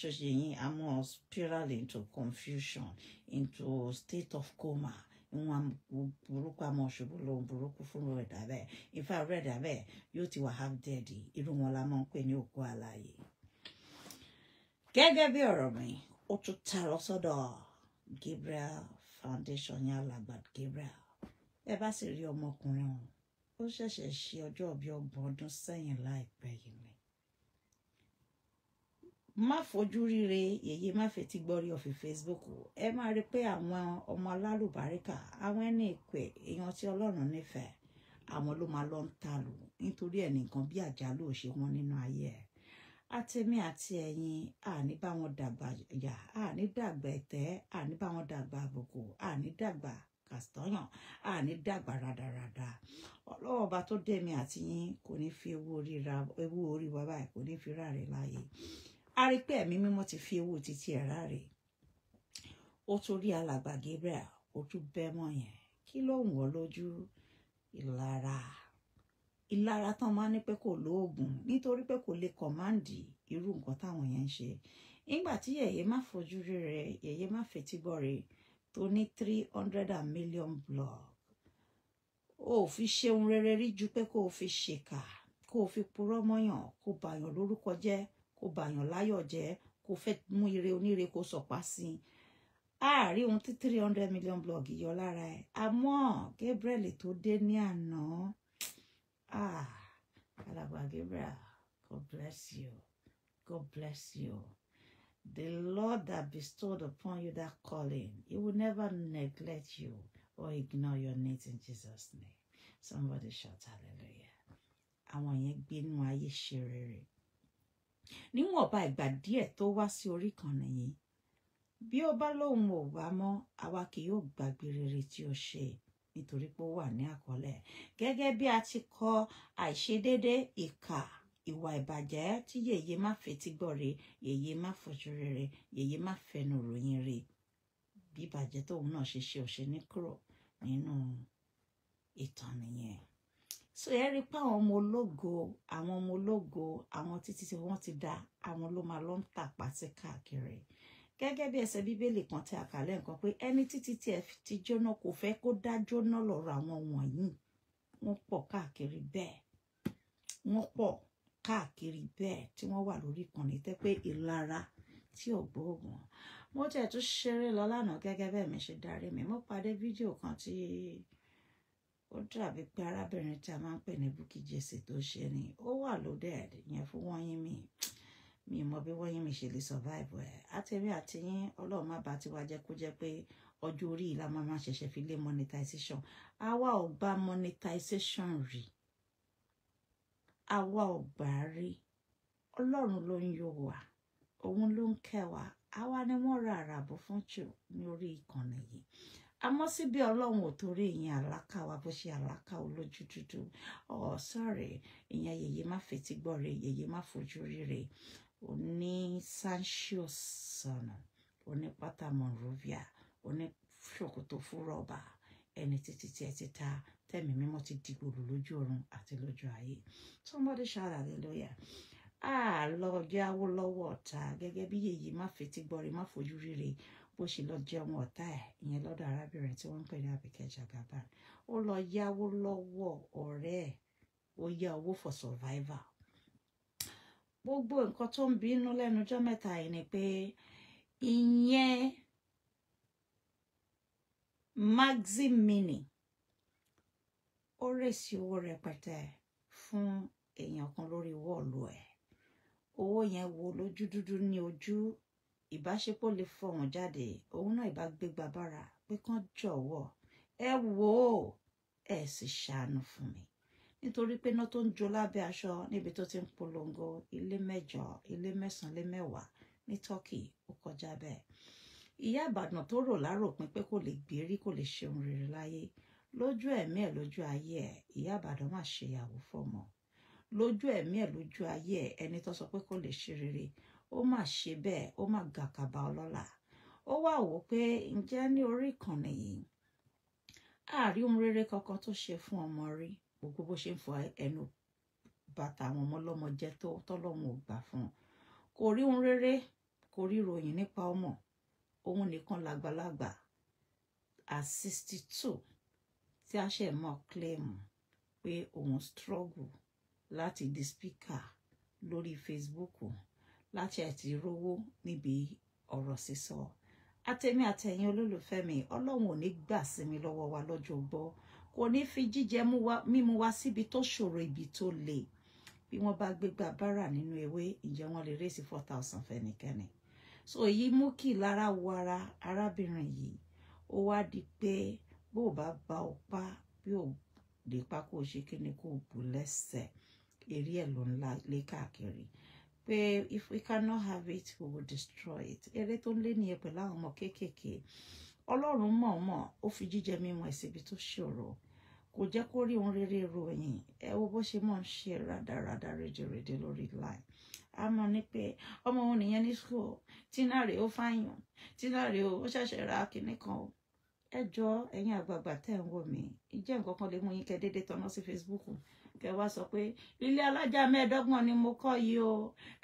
ṣoṣe yín a spiral into confusion into state of coma ìwọn burúkú àmọ́ ṣubú lòun burúkú fún irú ẹ̀dá bẹ́ẹ̀ ifá irú ẹ̀dá bẹ́ẹ̀ yóò ti wà half dead irú wọn la máa ń pè ní òkú alààyè gẹ́gẹ́ bí ọ̀rọ̀ mi ó tún ta lọ sọ́dọ̀ ọ. Gabriel Foundation yẹn Alàgbà Gabriel ẹ bá sì rí ọmọkùnrin ọ̀hún ó ṣẹ̀ṣẹ̀ ṣe ọjọ́ bíi ọgbọ̀n ọdún sẹ́yìn láìpẹ́ yìí ni má fojú ríre yèyé má fetí gbọ́rí ọ̀fìn Facebook ẹ máa rí pé àwọn ọmọ alálùbáríkà àwọn ẹni ìpè èèyàn tí Ọlọ́run nífẹ̀ẹ́ àwọn ló máa lọ ń ta lù nítorí ẹ̀ nìkan bí àjálù ò ṣe wọ́n nínú ayé ẹ̀ àtẹ̀mí àti ẹ̀yin àní bá wọn dàgbà yà àní dàgbà ẹ̀tẹ́ àní bá wọn dàgbà àbùkù àní dàgbà kàstọ́yàn àní dàgbà rádaràda ọlọ́wọ́ ọba tó dẹ̀mí àti yín kò ní fi ewu orí wa báyìí kò ní fi ráre láàyè arípẹ́ ẹ̀mí mímọ́ ti fi ewu títí ẹ̀ ráre ó tún rí alàgbà Gabriel ó tún bẹ́ mọ́ yẹn kí ló ń wọ́ lójú ìlara ìlara tán máa ń ní pé kò lóògùn nítorí pé kò lè kọ̀máǹdì irú nǹkan táwọn yẹn ń ṣe nígbà tí yẹ̀yẹ́ má fojú rí rẹ̀ yẹ̀yẹ́ má fetí gbọ́ tó ní three hundred and million blog ó fi ṣeun rere rí ju pé kó o fi ṣèkà kó o fi purọ́ mọ́yàn kó bàyàn lórúkọ jẹ́ kó bàyàn láyọ̀ jẹ́ kó fẹ́ mú ire oníire kó sọ̀pá sí i àárí ohun tí three hundred million blog yọ lára ẹ̀ àmọ́ Gabriel tó dé ní àná. No Ah, Alagba Gabriel, God bless you. God bless you. The Lord that bestowed upon you that calling, He will never neglect you or ignore your needs in Jesus' name. Somebody shout hallelujah. Àwọn yẹn gbé inú ayé ṣe rere. Níwọ̀nba ìgbà díẹ̀ tó wá sí orí kan nìyí. Bí ó bá ò wá mọ́, àwa kì yóò gbàgbé rere tí ó ṣe nítorí pé ó wà ní àkọọ́lẹ̀ gẹ́gẹ́ bí a ti kọ àìṣedédé ìkà ìwà ìbàjẹ́ tí yèyé má fetí gbọ́ re yèyé má fojú rere yèyé má fẹnu ròyìn re bí ìbàjẹ́ tóun náà ṣe ṣe òṣè ní kúrò nínú ìtàn nìyẹn so ẹ rí i pé àwọn ọmọ ológo àwọn ọmọ ológo àwọn títí tí wọ́n ti dá àwọn ló máa lọ ń tàpá sí káàkiri gẹ́gẹ́ bí ẹsẹ̀ bíbélì kan tí a kà lẹ́ẹ̀kan pé ẹni títí tí ẹ ti jóná kò fẹ́ kó dá jóná lọ́rọ̀ àwọn wọ̀nyí wọ́n pọ̀ káàkiri bẹ́ẹ̀ wọ́n pọ̀ káàkiri bẹ́ẹ̀ tí wọ́n wà lórí ìkànnì tẹ́ pé ìlara tí ọ̀gbọ́ wọn mo tẹ̀ tún ṣeré lọ lánàá gẹ́gẹ́ bẹ́ẹ̀ mi ṣe darí mi mo pàdé fídíò kan tí ó dàbí pé arábìnrin tí a máa ń pè ní Bukky tó ṣe ni ó wà lóde ẹ̀ yẹn fún wọ́n yín mi mi mọ bí wọ́n yín mi ṣe lè survive ẹ̀ àtẹ̀mí àti yín ọlọ́run má bá tiwa jẹ́ kó jẹ́ pé ọjọ́ orí ìlà máa máa ṣẹ̀ṣẹ̀ fi lé monetization àwa ò gba monetization rí àwa ò gbà rí ọlọ́run ló ń yọ wá òun ló ń kẹ́ àwa ni wọ́n ra àràbò fún jù ní orí ìkànnì yìí àmọ́ síbi ọlọ́run ò torí ìyẹn àlákà wa bó ṣe àlákà olójú dúdú ọ̀ oh, sọ́ọ̀rì ìyẹn yèyé má fetí gbọ́ rè yèyé má fojú rí rè oní sancius sọnù oní pátámọ̀rúbíà oní ṣòkòtò fúrọ́bà ẹni títí tí ẹ ti ta tẹ̀mí mímọ́ ti di gbòòrò lójú ọ̀run àti lójú ayé somebody shout hallelujah a lọ jáwó lọ́wọ́ ọ̀tá gẹ́gẹ́ bí yèyí má fetí gbọ́re má fojú rere bó ṣe lọ jẹun ọ̀tá ẹ̀ ìyẹn lọ́dọ̀ arábìnrin tí wọ́n ń pè ní Àbíkẹ́ Jagaban ó lọ yáwó lọ́wọ́ ọ̀rẹ́ ó yá owó for survivor gbogbo nǹkan tó ń bínú lẹ́nu ọjọ́ mẹ́ta yìí ni pé ìyẹn maxi mini ó rèsì owó rẹpẹtẹ fún èèyàn kan lórí wọ́ọ̀lù ẹ̀ owó yẹn wo lójú dúdú ní ojú ìbáṣepọ̀ lè fọ̀hún jáde òun náà ìbá gbégbá bára pé kán jọ̀wọ́ ẹ wò ó ẹ sì ṣàánú fún mi nítorí pé iná tó ń jó lábẹ́ aṣọ níbi tó ti ń polongo ilé mẹ́jọ ilé mẹ́sàn-án ilé mẹ́wàá ní Turkey ó kọjá bẹ́ẹ̀ ìyá Ìbàdàn tó rò láròpin pé kò lè gbérí kò lè ṣeun rere láyé lójú ẹ̀mí ẹ̀ lójú ayé ẹ̀ ìyá Ìbàdàn máa ṣèyàwó fọ́mọ lójú ẹ̀mí ẹ̀ lójú ayé ẹ̀ ẹni tó sọ pé kò lè ṣe rere ó mà ṣe bẹ́ẹ̀ ó mà gàkàbà ọlọ́lá ó wá wò pé ǹjẹ́ ní orí ìkànnì yìí àárí ohun rere kankan tó ṣe fún ọmọ rí gbogbo bó ṣe ń fọ ẹnu bàtà àwọn ọmọ ọlọ́mọ jẹ́ tó tọ́lọ́run ò gbà fún un kò rí ohun rere kò rí ìròyìn nípa ọmọ òun nìkan làgbàlagbà at sixty two tí a ṣe mọ́ kílẹ̀mù pé òun struggle láti di speaker lórí Facebook láti àti rówó níbi ọ̀rọ̀ sísọ àtẹ̀mí àtẹ̀yìn olólùfẹ́ mi ọlọ́run ò ní gbà sí mi lọ́wọ́ wa lọ́jọ́ gbọ́ kò ní fi jíjẹ mímu wa síbi tó ṣòro ibi tó le bí wọ́n bá gbégbá bára nínú ewé ǹjẹ́ wọ́n lè rèsí four thousand fẹ́nikẹ́ni so èyí mú kí lára wo ara arábìnrin yìí ó wá di pé bó o bá ba ọpá bí o lè pa kó o ṣe kí ni kó o bù lẹ́sẹ̀ eré ẹ̀ ló ń lé káàkiri pé if we cannot have it we will destroy it eré tó ń lé nìyẹn pẹ̀lú àwọn ọmọ kéékèèké ọlọ́run mọ̀ọ́mọ̀ ó fi jíjẹ mímu ẹ̀ síbi tó ṣòro kò jẹ́ kó rí ohun rere ro ẹ̀yìn ẹ wo bó ṣe máa ń ṣe rádaràda rédèrèdè lórí line a mọ̀ ní pé ọmọ òun nìyẹn ní school tínà rèé ó fáyàn tínà rèé ó ṣẹ̀ṣẹ̀ ra kinní kan o ẹ jọ ẹ̀yin àgbààgbà tẹ́ ń wò mí ìjẹ́ nǹkan kan lè mú yín kẹ́ déédéé tọ́nà sí Facebook kẹ́ wá sọ pé ilé alájà mẹ́ẹ̀ẹ́dọ́gbọ̀n ni mo kọ́ yìí o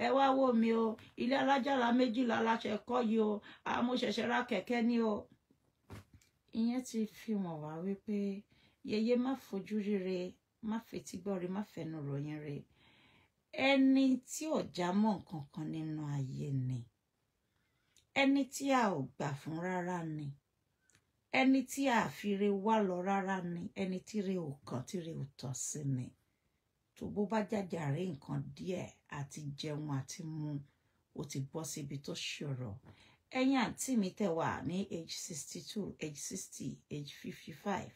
ẹ wá wò mí o ilé alájà la méjìlá láṣẹ kọ́ yìí o àmọ́ ṣẹ̀ṣẹ̀ ra kẹ̀kẹ́ ni o ìyẹn ti fi hàn wá wípé yẹyẹ má fojú rere má fetí gbọ́re má fẹnu ròyìn re ẹni tí ọ̀já mọ̀ nǹkan kan nínú ayé ni ẹni tí a ò gbà fún rárá ni ẹni tí a fi re wá lọ rárá ni ẹni tí re ò kàn tí re ò tọ̀ sí ni tó bó bá jàjà rí nǹkan díẹ̀ àti jẹun àti mu ó ti bọ́ síbi tó ṣòro ẹ̀yin àǹtí mi tẹ̀ wà ní age sixty two age sixty age fifty five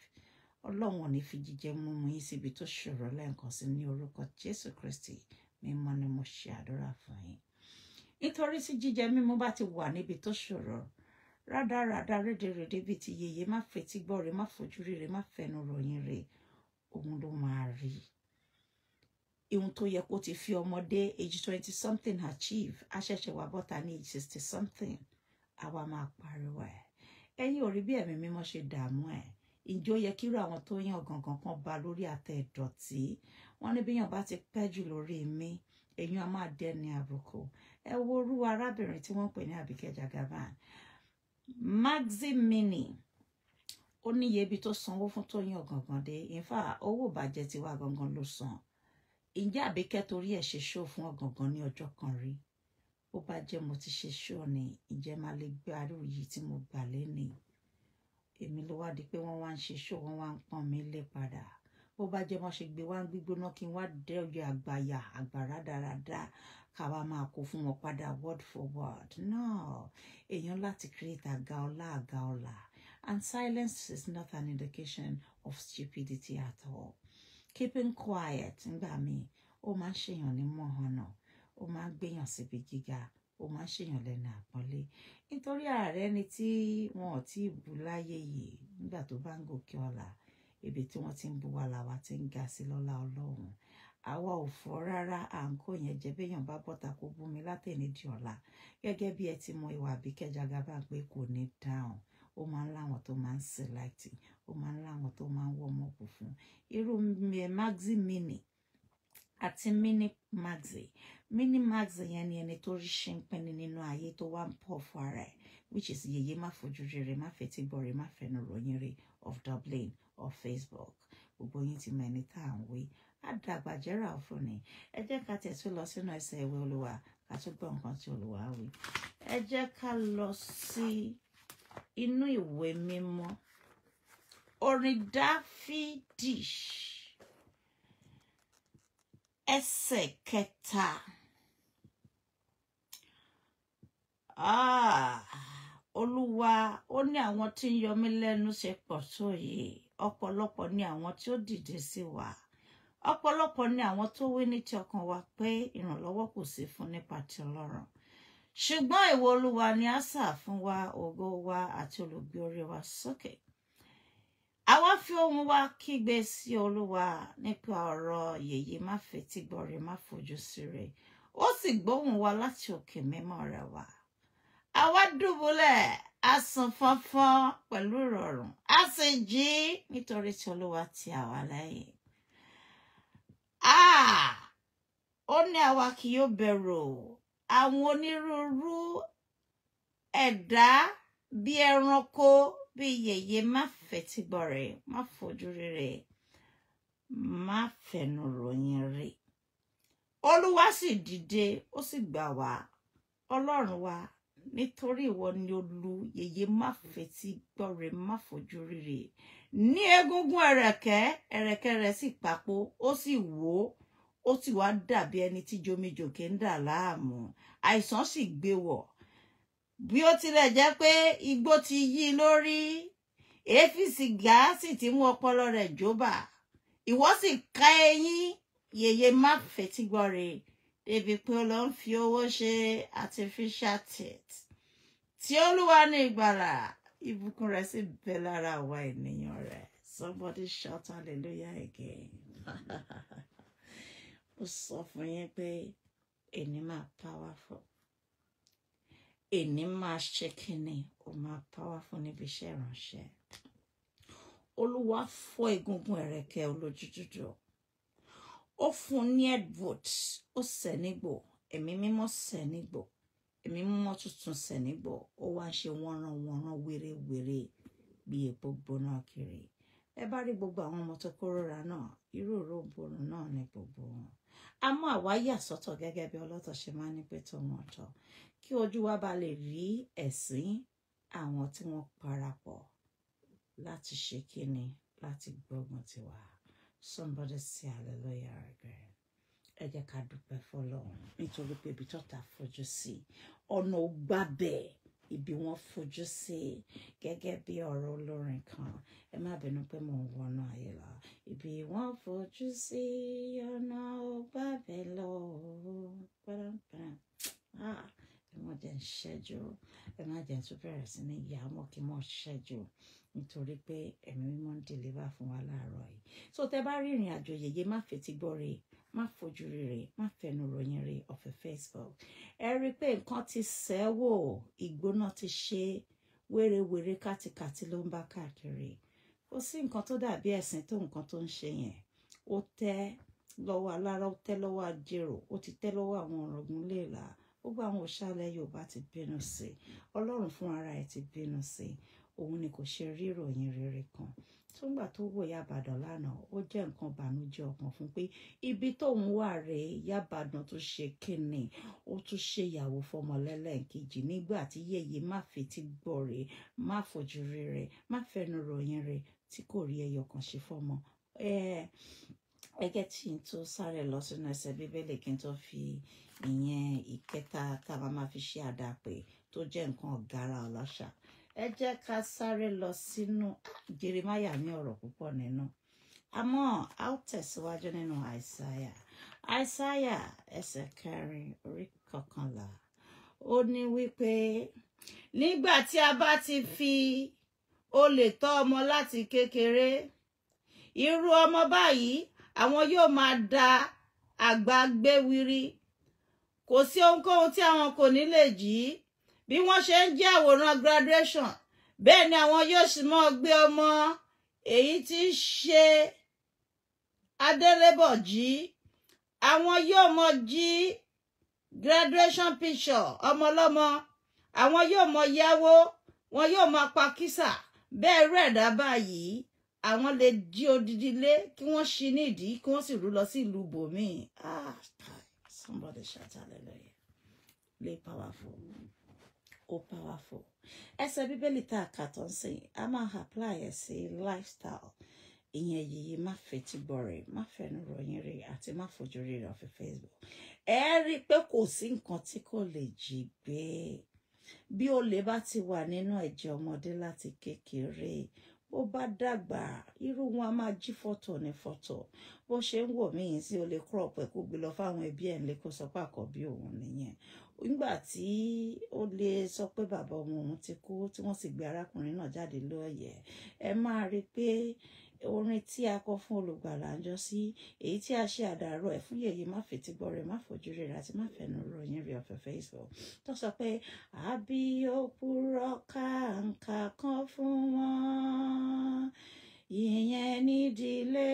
ọlọ́run ò ní fi jíjẹ múmu yín síbi tó ṣòro lẹ́ẹ̀kan sí ní orúkọ jésù kristi mímọ́ ni mo ṣe àdúrà fún yín nítorí tí jíjẹ mímu bá ti wà níbi tó ṣòro rádaràda rédèrèdè bíi ti yeye má fetí gbọ́ rẹ̀ má fojú rere má fẹnu ròyìn rẹ̀ òun ló máa rí ihun tó yẹ kó ti fi ọmọdé age twenty something achieve aṣẹ̀ṣẹ̀ wà bọ́ta ní age sixty something àwa máa pariwo ẹ̀ ẹ̀yin ò rí bí ẹ̀mí mímọ́ ṣe dààmú ẹ̀ ìjó yẹ kírú àwọn tó yàn gangan kan ba lórí àtẹ ìdọ̀tí wọn ní bíyàn bá ti pẹ́ jù lórí mi èyàn á máa dẹni àbùkù ẹ wo orú arábìnrin tí wọ́n ń pè ní Àbíkẹ́ Jagaban Maxi Mini ó níye ibi tó sanwó fún tó yàn gangan dé ìfà owó ìbàjẹ́ ti wá gangan ló san ǹjẹ́ Àbíkẹ́ torí ẹ̀ ṣe ṣó fún ọ̀gangan ní ọjọ́ kan rí bó bá jẹ́ mo ti ṣe ṣó ni ǹjẹ́ máa lè gbé arúgbó yìí tí mo gbà lẹ́nìí èmi ló wá di pé wọ́n wá ń ṣe ṣó wọ́n wá ń pọ́n mi lé padà bó bá jẹ́ mọ́ ṣe gbé wá ń gbígbóná kí n wá dẹ́ọ̀jẹ̀ àgbàyà àgbàrá dáradára ká wá máa kó fún wọn padà word for word náà èèyàn láti create àga ọlá àga ọlá and silence is not an indication of stupidity at all keeping quiet ngbà míì ó máa ń ṣèyàn ní mọ̀ọ́nà ó máa ń gbéyàn síbi gíga ó máa ṣèyàn lẹ́nu àpọ́nlé nítorí ààrẹ ni tí wọn ò tí ì bu láyé yìí nígbà tó bá ń gòkè ọ̀la ibi tí wọ́n ti ń bu wa làwa ti ń ga sí lọ́lá ọlọ́run àwa ò fọ́ rárá à ń kó yẹn jẹ béèyàn bá bọ́ta kó bú mi di ọ̀la gẹ́gẹ́ bí ẹ ti mọ ìwà Àbíkẹ́ Jagaban pé kò ní dáhùn ó máa ń láwọn tó máa ń select ó máa ń láwọn tó máa ń wọ́mọ̀ kù fún irú maxi mini àti mini maxi minimax yẹn ni ẹni tó rí ṣẹ́ńpẹ́ni nínú ayé tó wá ń pọ̀ fún ara ẹ̀ which is yeye má fojú rere má fetí gbọ́ rẹ̀ má fẹnu ròyìn rẹ̀ of Dublin of Facebook gbogbo yín ti mọ ẹni tá à ń wí àdàgbàjẹ́rà ọ̀fun ni ẹ jẹ́ ká tẹ̀sí lọ sínú ẹsẹ̀ ìwé olúwa ká tún gbọ́ nǹkan tí olúwa wí ẹ jẹ́ ká lọ sí inú ìwé mímọ́ orin dáfídì ẹsẹ̀ kẹta. Ah, olúwa ó ní àwọn tí ń yọ mí lẹ́nu ṣe pọ̀ tó yìí ọ̀pọ̀lọpọ̀ ni àwọn tí ó dìde sí wa ọ̀pọ̀lọpọ̀ ni àwọn tó wí ní ti ọkàn wa pé ìrànlọ́wọ́ kò sí fún nípa ti ọlọ́run ṣùgbọ́n ìwọ olúwa ni a sà fún wa ògo wa àti olùgbé orí wa sókè àwa fi ohùn wa kígbe sí olúwa nípa ọ̀rọ̀ yèyé má fetí gbọ́ rẹ̀ má fojú sí rẹ̀ ó sì gbóhùn wa láti òkè mímọ́ rẹ̀ wá àwa dùbúlẹ̀ a sùn fọ́nfọ́n pẹ̀lú ìrọ̀rùn a sì jí nítorí tí olúwa ti àwa lẹ́yìn. Ah! ó ní àwa kì yóò bẹ̀rù àwọn onírúurú ẹ̀dá bí ẹranko bí yẹ̀yẹ́ má fetí gbọ́ má fojú rí má fẹnu ròyìn rẹ̀ olúwa sì dìde ó sì gbà wá ọlọ́run wa nítorí ìwọ ni olú yèyé má fetí gbọ́ rẹ̀ má fojú rírè ní egungun ẹ̀rẹ̀kẹ́ ẹ̀rẹ̀kẹ́ rẹ̀ sì papò ó sì wò ó ó sì wá dàbí ẹni tí jomijòkè ń dà láàmú àìsàn sì gbé wọ̀ bí ó tilẹ̀ jẹ́ pé igbó ti yí lórí èéfì sìgá sì ti mú ọpọlọ rẹ̀ jóbà ìwọ sì ká eyín yèyé má fetí gbọ́ rẹ̀ débi pé ó lọ ń fi owó ṣe artificial tit, tí olúwa ní ìgbàlà ìbùkún rẹ̀ sì bẹ lára àwa ènìyàn rẹ̀ somebody shout hallelujah again ó *laughs* sọ fún yín pé èní máa powerful èní máa ṣe kínní ó máa powerful níbi iṣẹ́ ìránṣẹ́ olúwa fọ́ egungun ẹ̀rẹ̀kẹ́ olójújújù ó fún ní edward ó sẹ̀ nígbò ẹ̀mí mímọ́ sẹ̀ nígbò ẹ̀mí mímọ́ tuntun sẹ̀ nígbò ó wá ń ṣe wọ́nran wọ́nran wérewère bí epo gbóná kiri ẹ bá rí gbogbo àwọn ọmọ tó kórora náà irú òróǹbòrò náà ni gbogbo wọn àmọ́ àwa yà sọ́tọ̀ gẹ́gẹ́ bí ọlọ́tọ̀ ṣe máa ń ní pé tó wọn tọ kí ojú wa bá lè rí ẹ̀sìn àwọn tí wọ́n parapọ̀ láti ṣe kíni láti gbógun tiwa somebody say hallelujah again ẹ jẹ́ ká dúpẹ́ fọ́lọ́run nítorí pé ibi tọ́ta fojú sí ọ̀nà ò gbà bẹ́ẹ̀ ibi wọ́n fojú sí gẹ́gẹ́ bí ọ̀rọ̀ olórin kan ẹ má bínú pé mò ń wọnú ayé la ibi wọ́n fojú sí ọ̀nà ò gbà bẹ́ẹ̀. Schedule. ṣẹ́jú ẹ má jẹ́ tún bẹ̀rẹ̀ sí ní ìyá mọ́ kí mọ́ ṣẹ́jú nítorí pé ẹ̀mí mímọ́ ń dìlíbà fún wa láàárọ̀ yìí so tẹ bá rí ìrìn àjò yèyé má fetí gbọ́ rè má fojú rere má fẹnu ròyìn rè ọ̀fẹ́ Facebook ẹ rí i pé nǹkan ti sẹ́wò ìgbóná ti ṣe wérewère kátikàti ló ń bá káàkiri kò sí nǹkan tó dàbí ẹ̀sìn tó nǹkan tó ń ṣe yẹn ó tẹ́ lọ́wọ́ alára ó tẹ́ lọ́wọ́ ajérò ó ti tẹ́ lọ́wọ́ àwọn ọ̀rọ̀gùn léèlà gbogbo àwọn òṣàlẹ̀ yorùbá ti bínú sí i ọlọ́run fún ara ẹ̀ ti bínú sí i òun ni kò ṣe rí ìròyìn rere kan tó ń gbà tó wò yábàdàn lánàá ó jẹ́ nǹkan bànújẹ́ ọkàn fún pé ibi tóun wà rèé yábàdàn tó ṣe kínní ó tún ṣe ìyàwó fọmọ lẹ́lẹ́ǹkejì nígbà tí yẹ̀yẹ́ má fetí gbọ́ rèé má fojú rí má fẹnu ròyìn rẹ̀ tí kò rí ẹyọ kan ṣe fọmọ ẹgẹ tí n tó sáré lọ sínú ẹsẹ̀ bíbélì kí n tó fi ìyẹn ìkẹta tá a máa fi ṣe àdàpè tó jẹ́ nǹkan ọ̀gára ọlọ́ṣà ẹ jẹ́ ká sáré lọ sínú Jeremáyà ní ọ̀rọ̀ púpọ̀ nínú àmọ́ a ó tẹ̀síwájú nínú àìsáyà àìsáyà ẹsẹ̀ kẹrin orí kọkànlá ó ní wípé nígbà tí a bá ti fi olè tọ́ ọmọ láti kékeré irú ọmọ báyìí àwọn yóò máa da àgbà gbéwiri kò sí ohunkóhun tí àwọn kò ní lè jí bí wọ́n ṣe ń jẹ́ àwòrán graduation bẹ́ẹ̀ ni àwọn yóò sì mọ́ gbé ọmọ èyí tí ń ṣe adélébọ̀ jí àwọn yóò mọ jí graduation picture ọmọlọ́mọ àwọn yóò mọ yáwó wọn yóò mọ pa kísà bẹ́ẹ̀ rẹ̀dá báyìí àwọn lè jí odidi ilé kí wọ́n ṣí nídìí kí wọ́n sì rú lọ sí ìlú bòmíì. Ah. ah. Somebody shout hallelujah. Lay powerful. Oh, powerful. As bíbélì tá a kà tó ń sìn, a apply ẹ̀ sí lifestyle. Ìyẹn yìí má fetí gbọ́ rẹ̀, má fẹnu ròyìn rẹ̀ àti má fojú rẹ̀ Facebook. Ẹ rí i pé kò sí nǹkan tí kò lè jí gbé. Bí olè bá ti wà nínú bó bá dàgbà irú wọn a máa jí fọ́tò ní fọ́tò bó ṣe ń wò mí sí olè crop ẹ̀ kó gbé lọ fáwọn ẹbí ẹ̀ ńlẹ́ kó sọ pé àkọ́bí òun nìyẹn nígbà tí ó lè sọ pé bàbá ọmọ òun ti kú tí wọ́n sì gbé arákùnrin náà jáde lóòyẹ̀ ẹ máa rí i pé orin tí a kọ fún olùgbàlà ń jọ sí èyí tí a ṣe àdàrọ ẹ fún yèyé má fetí gbọ́ rẹ̀ má fojú rẹ̀ àti má fẹnu rọ yín rí ọ̀fẹ́fẹ́ ìsọ tó sọ pé àbí òpùrọ́ kàǹkà kan fún wọn ìyẹn nídìílé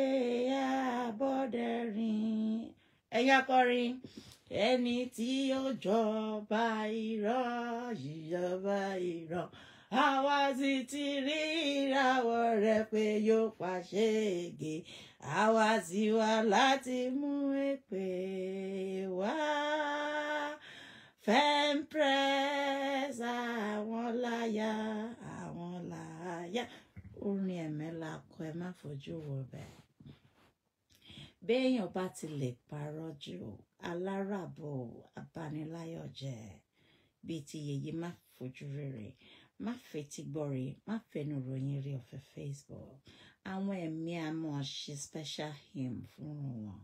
àbọ̀dẹ̀rìn ẹ̀yà kọrin ẹni tí ó jọba irọ́ yìí jọba irọ́ àwa sì ti rí ìràwọ̀ rẹ̀ pé yóò pàṣẹ ègè àwa sì wá láti mú èpè wá fẹ́ńprẹ́s àwọn láyà àwọn láyà orin ẹ̀mẹ́ la kọ ẹ má fojú wo bẹ́ẹ̀ béèyàn bá ti lè parọ́ jù aláràbọ̀ abániláyọ̀jẹ́ bíi ti yèyí má fojú rere má fetí gbọ́ rèé má fẹnu ròyìn rí ọ̀fẹ́ facebook àwọn ẹ̀mí a máa ṣe special him. fúnra wọn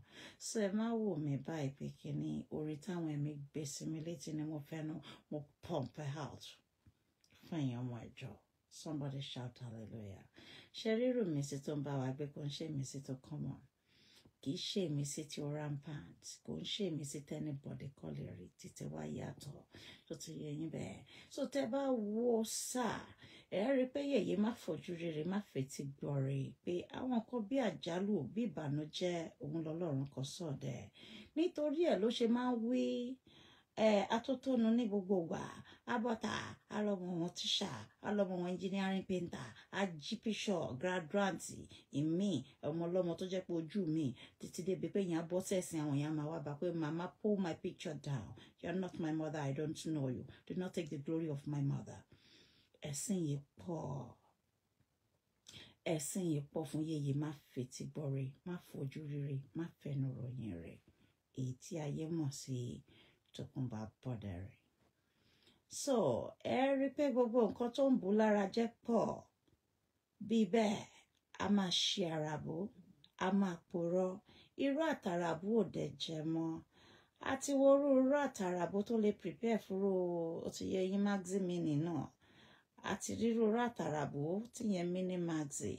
so ẹ má wò mí báyìí pé kíní orí táwọn ẹ̀mí gbé sí mi létí ni mo fẹ́nu mo pump out fún èèyàn wọn ẹ̀jọ̀ somebody shout hallelujah ṣe rírù mi sí tó ń bá wa gbé kó ń ṣe mi sí tó common kì í ṣèmí sí ti rampant kò ń ṣèmí sí tẹnibọdì kọlẹrì títí wá yàtọ̀ tó ti yẹ yín bẹ́ẹ̀ so tẹ bá wo sáà ẹ rí i pé yẹyẹ má fojú rere má fetí gbọrẹ pé àwọn kan bí àjálù bí ìbànújẹ́ òun lọ́lọ́run kan sọdẹ nítorí ẹ ló ṣe máa ń wí. We atótónu ní gbogbo ìgbà abọ́ta alọ́mọ wọn tíṣà alọ́mọ wọn engineering painter ajípíṣọ graduate ìmí ọmọ ọlọ́mọ tó jẹ́ pé ojú mi títí débi pé èèyàn bọ́ sẹ̀sìn àwọn èèyàn máa wá bá pé mama pull my picture down you are not my mother I don't know you do not take the glory of my mother ẹ̀sìn yìí pọ̀ ẹ̀sìn yìí pọ̀ fún yéye má fetí gbọ́re má fojú rere má fẹnu ròyìn rẹ̀ èyí tí ayé mọ̀ sí i. Talking about pottery, So every rí i pé gbogbo nǹkan tó ń bù lára jẹ́ pọ̀ bíi bẹ́ẹ̀ a máa ṣe àràbò a máa pòrọ̀ irú àtàràbò ò dẹ̀ jẹ mọ́ a ti worú irú àtàràbò tó prepare fúru ó ti yẹ yín maximini náà a ti ríru irú àtàràbò tí yẹn mini maxi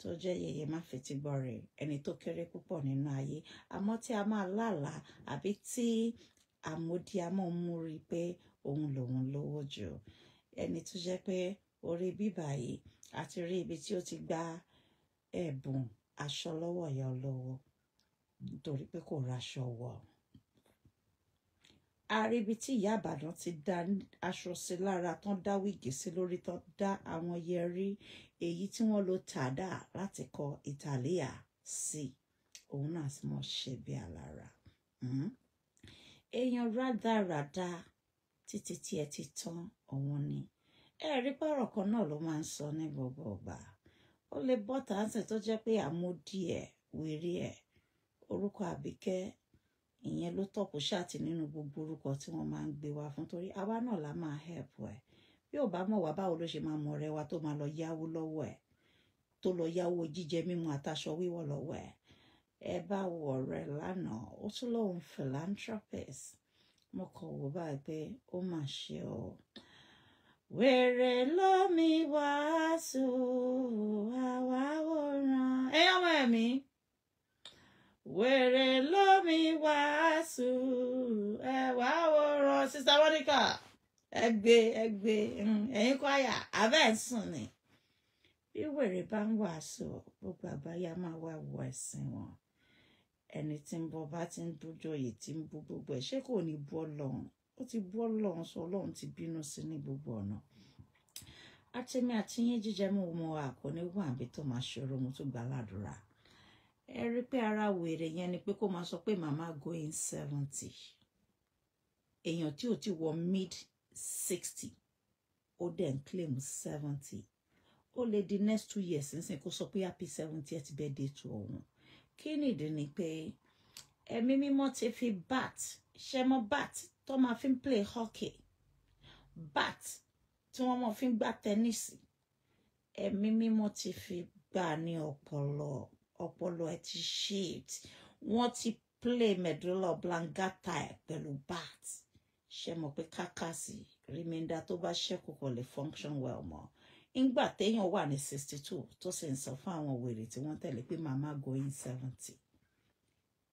tó jẹ́ yẹyẹ má fetí gbọ́ rẹ̀ ẹni tó kéré púpọ̀ nínú ayé àmọ́ tí a máa lálàá àbí tí àmódi a máa ń múri pé òun lòun lówó jù ẹni tó jẹ́ pé orí bíbà yìí àti rí ibi tí ó ti gba ẹ̀bùn aṣọ lọ́wọ́ ìyá olówó nítorí pé kò raṣọ wọ̀ àríbi tí ìyá àbàdàn ti da aṣọ sí lára tán dá wíìgì sí lórí tán dá àwọn yẹrí èyí tí wọ́n lo tàdá láti kọ ìtàlíà sí òun náà sì mọ̀ ṣe bí alára. Mm-hmm èèyàn rádaràda títí tí ẹ ti tán òun ni ẹ rí pọ̀rọ̀ kan náà ló máa ń sọ ní gbogbo ọgbà ó lè bọ́ tàǹsẹ̀ tó jẹ́ pé àmódì ẹ̀ wèrè ẹ̀ orúkọ àbíkẹ́ ìyẹn ló tọ̀pù ṣáàtì nínú gbogbo orúkọ tí wọ́n máa ń gbé wa fún torí àwa náà la máa help ẹ̀ bí ò bá mọ̀ wá báwo ló ṣe máa mọ̀ ọ̀rẹ́ wa tó máa lọ yáwó lọ́wọ́ ẹ̀ tó lọ yáwó jíjẹ mímu àtàṣọ wíwọ̀ lọ́wọ́ ẹ̀ ẹ̀bá wọ̀ rẹ̀ lánàá ó tún lóun philanthropist mo kàn wò báyìí pé ó mà ṣe o. wèrè lómi wàásù àwa wòran ẹ ọmọ ẹ mi. wèrè lómi wàásù ẹwà wòran sista Monica ẹ gbé ẹ gbé mm, ẹ̀yin kwaya abẹ́ ẹ̀ sùn ni bí wèrè bá ń wàásù gbogbo àgbáyé máa wá wọ ẹ̀sìn wọn ẹni tí ń bọ bá ti ń dújọ yìí tí ń bú gbogbo ẹ ṣé kò ní bú Ọlọ́run ó ti bú Ọlọ́run sọ Ọlọ́run ti bínú sí ní gbogbo ọ̀nà àtẹmí àtìyín jíjẹ mú ọmọ àkọni wà àbí tó máa ṣòro mo tó gbà ládùúrà ẹ rí pé ara wèrè yẹn ni pé kó máa sọ pé màmá going seventy èèyàn tí ò ti wọ mid sixty ó dẹ̀ ń claim seventy ó lè di next two years nísìnyí kó sọ pé happy seventieth birthday tu òun kí nìdí ni pé ẹ̀mí mímọ́ ti fi bat ṣe mọ́ bat tó máa fi ń play hockey bat tí wọ́n máa fi ń gbá tẹ́nísì ẹ̀mí mímọ́ ti fi gbà ní ọpọlọ ọpọlọ ẹ ti shift wọ́n ti play medulla oblongata ẹ pẹ̀lú bat ṣe mọ̀ pé kákàsì rìmíńdà tó bá ṣẹ́kù kò lè function well mọ́ ńgbà téèyàn wà ní sixty two tó sì ń sọ fún àwọn wèrè tí wọ́n tẹ̀lé pé màmá going seventy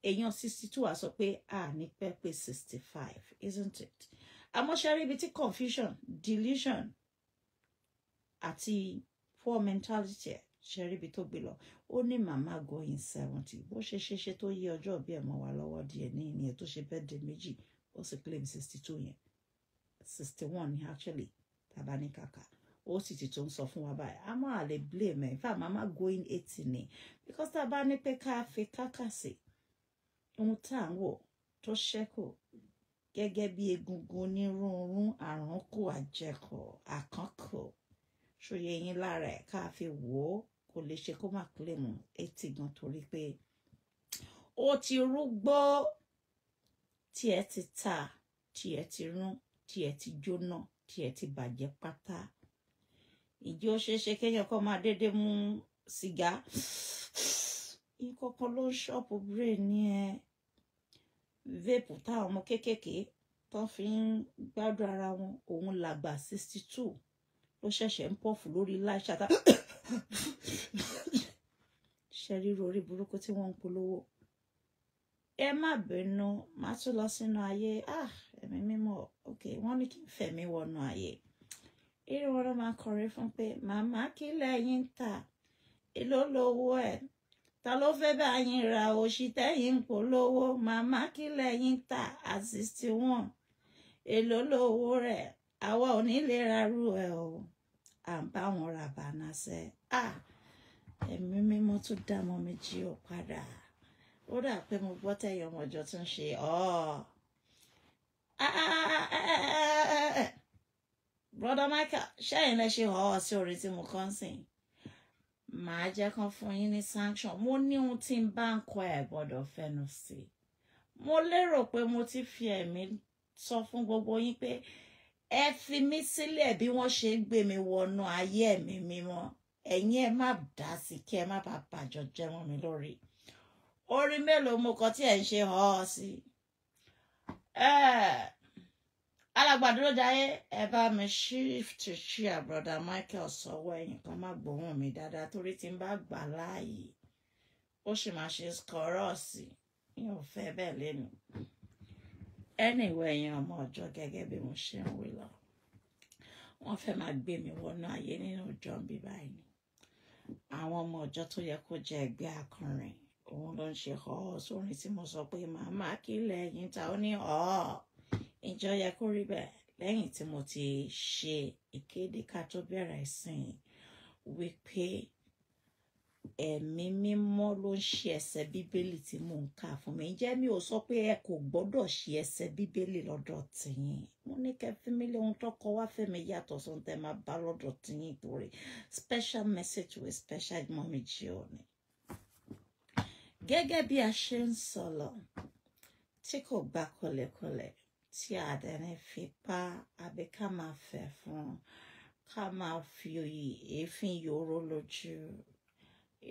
èèyàn sixty two á sọ pé a ní pẹ́ pé sixty five isn't it àmọ́ ṣẹ́rí ibi tí confusion delusion àti poor mentality ṣẹ́rí ibi tó gbé lọ ó ní màmá going seventy bó ṣe ṣe ṣe tó yí ọjọ́ bí ẹ̀ mọ́ wa lọ́wọ́ díẹ̀ ní ìyẹn tó ṣe bẹ́ẹ̀ dé méjì ó sì claim sixty two yẹn sixty one actually tàbá ní kàkà ó sì ti tún sọ fún wa báyìí a máa lè blame ẹ̀ fáà máa going eighty ni because tá a bá ní pé ká fi kákàsì ohun tá à ń wò tó ṣẹ́kù gẹ́gẹ́ bí egungun onírúurún àránkù àjẹkù àkánkù ṣòye yín lára ẹ̀ ká fi wò ó kò lè ṣe kó má claim eighty gan torí pé ó ti rúgbó tiẹ̀ ti ta tiẹ̀ ti rún tiẹ̀ ti jóná tiẹ̀ ti bàjẹ́ pátá ìjẹ́ ó ṣeéṣe kéèyàn kan máa déédéé mú sìgá ìkọ̀kan ló ń ṣọ́ọ̀pù brain ní ẹ vape táwọn ọmọ kéékèèké tó fi ń gbádùn ara wọn òun làgbà sixty two ló ṣẹ̀ṣẹ̀ ń pọ̀fù lórí láìṣà tá ṣe ríro orí burúkú tí wọ́n ń polówó ẹ má bínú má tún lọ sínú ayé ah ẹ̀mí mímọ́ ok wọ́n ní kí n fẹ̀mí wọnú ayé irú wọn ló máa kọrin fún pé màmá kí lẹ́yìn ta èló lowó ẹ̀ ta ló fẹ́ bá yín ra òṣì tẹ́yìn ń polówó màmá kí lẹ́yìn ta at sixty èló lowó rẹ̀ àwa ò ní ra rú ẹ̀ o à ń bá wọn ra bànásẹ́ à ẹ̀mí mímọ́ tún dá mọ́ méjì ò padà ó dà pé mo gbọ́ tẹ̀yọ̀ ọmọ ìjọ tún ṣe ọ́ ẹ́ ẹ́ ẹ́ ẹ́ ẹ́ ẹ́ brother Michael ṣẹ́yìn lẹ ṣe họ́ọ́ sí orin tí mo kàn sìn màá jẹ́ kán fún yín ní sanction mo ní ohun tí n bá ń kọ ẹ̀ gbọ́dọ̀ fẹnu sí mo lérò pé mo ti fi ẹ̀mí sọ fún gbogbo yín pé ẹ fi mí sílẹ̀ bí wọ́n ṣe ń gbé mi wọnú ayé ẹ̀mí mímọ́ ẹ̀yin ẹ má dá sí kí ẹ má bàa bàjọ́ jẹ́ mọ́ mi lórí orin mélòó mo kọ tí ẹ̀ ń ṣe họ́ọ́ sí. Uh, alágbàdúró jayé ẹ bá mi shift share brother Michael sọwọ ẹ̀yin kan má gbóhùn mi dáadáa torí tí n bá gbà láàyè ó sì máa ṣe skọrọọsì mi ò fẹ́ bẹ́ẹ̀ lẹ́nu anyway ẹ̀yin ọmọ ọjọ́ gẹ́gẹ́ bí mo ṣe ń wí lọ wọ́n fẹ́ máa gbé mi wọnú ayé nínú ìjọ ń bí báyìí àwọn ọmọ ọjọ́ tó yẹ kó jẹ́ ẹgbẹ́ akọrin òun ló ń ṣe họ sórin tí mo sọ pé màmá kí lẹ́yìn ta ó ní họ. Oh enjoy Akoriba lẹ́yìn tí mo ti ṣe ìkéde ká tó bẹ̀rẹ̀ ìsìn wípé ẹ̀mí mímọ́ ló ń ṣe ẹsẹ̀ bíbélì tí mò ń kà fún mi ǹjẹ́ mi ò sọ pé ẹ kò gbọ́dọ̀ ṣe ẹsẹ̀ bíbélì lọ́dọ̀ tìyín mo ní kẹfí mi lóhun tọkọ wá fẹ́mi yàtọ̀ sóhun tẹ́ máa bá lọ́dọ̀ tìyín torí special message with special mommy jio ni. gẹ́gẹ́ bí a ṣe ń sọ lọ tí kò gbá kọlẹ̀kọlẹ̀ tí a dẹ̀ ní fipá àbí ká máa fẹ̀ fún ká máa fi èéfín yòró lójú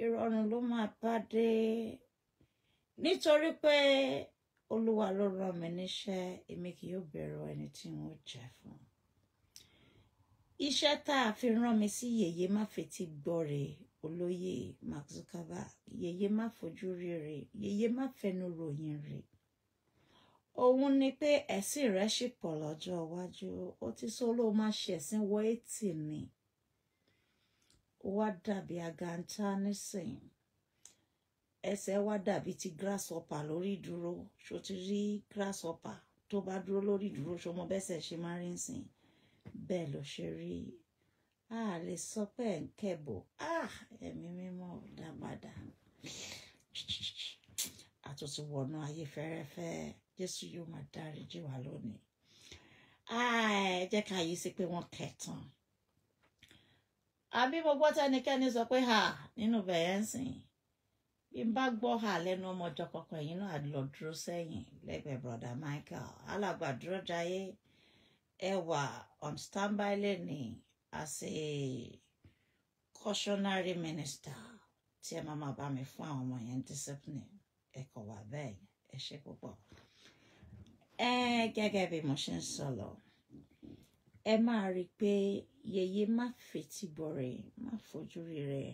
ìrọ̀rùn ló máa bá dé nítorí pé olúwa ló rán mi níṣẹ́ èmi kì yóò bẹ̀rù ẹni tí wọ́n jẹ́ fún iṣẹ́ tá a fi rán mi sí yèyé má fetí gbọ́ olóyè Mark yèyé má fojú rí rè yèyé má fẹnu ròyìn rè òun ni pé ẹ̀sìn rẹ̀ ṣì pọ̀ lọ́jọ́ iwájú ó ti sọ ló máa ṣe ẹ̀sìn wọ ètì ni ó wá dàbí agantá nísìn ẹsẹ̀ wá dàbí ti grasshopper lórí ìdúró ṣó ti rí grasshopper tó bá dúró lórí ìdúró ṣó mọ bẹ́sẹ̀ ṣe máa rí nsìn bẹ́ẹ̀ ló ṣe rí a lè sọ pé ẹ̀ ń kẹ́bọ̀ ẹ̀mí mímọ́ dábàdà àtúntò wọnú ayé fẹ́rẹ́fẹ́ jésù yóò máa dáríjì wá lónìí jẹ́ ká yí sí pé wọ́n kẹtàn àbí mo gbọ́ tẹnikẹ́ni sọ pé ha nínú bẹ̀yẹ̀ ń sìn bí n bá gbọ́ ha lẹ́nu ọmọ ọjọ́ kankan yìí náà lọ dúró sẹ́yìn lẹ́gbẹ̀ẹ́ broda Michael alàgbàdúró jayé ẹwà on standby lẹ́ni as a cautionary minister tí ẹ máa máa bá mi fún àwọn ọmọ yẹn discipline ẹ̀kọ́ wà bẹ́ẹ̀ ẹ ṣe púpọ̀. ẹ́ẹ́ gẹ́gẹ́ bí mo ṣe ń sọ lọ ẹ máa rí i pé yèyé má fetí bọ̀rẹ̀ má fojú rẹ̀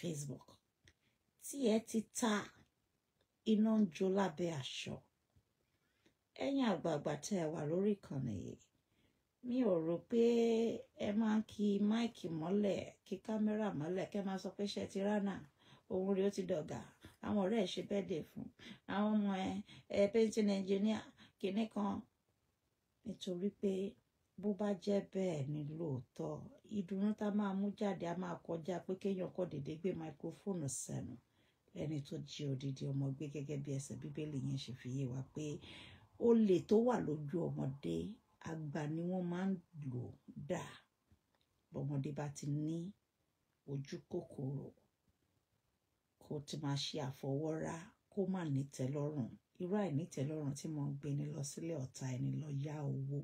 Facebook tí ẹ ti ta iná ń jó lábẹ́ aṣọ ẹ̀yin àgbààgbà tẹ́ ẹ wà lórí mi ò rò pé ẹ máa ń kí máìkì mọ́lẹ̀ kí kámẹ́rà mọ́lẹ̀ kẹ́ máa sọ pé ṣe ti ránà. òun rèé ó ti dọ̀gà àwọn ọ̀rẹ́ ẹ̀ ṣe bẹ́ẹ̀dẹ̀ fún àwọn ọmọ ẹ ẹ painting engineer kìíní kan nítorí pé bó bá jẹ́ bẹ́ẹ̀ ni lóòótọ́ ìdùnnú tá máa mú jáde a máa kọjá pé kéèyàn kọ́ dédé gbé máikrófóònù sẹ́nu lẹ́ni tó jí odidi ọmọ gbé gẹ́gẹ́ bí ẹsẹ̀ bíbélì yẹn ṣe fi yé wa pé olè tó wà lójú ọmọdé àgbà ni wọ́n máa ń lò dáa bọ́mọdé bá ti ní ojú kòkòrò kó ti máa ṣe àfọwọ́rá kó má nítẹ́lọ́rùn irú àìnítẹ́lọ́rùn tí mo ń gbé ni lọ sílé ọ̀tá ẹni lọ yá owó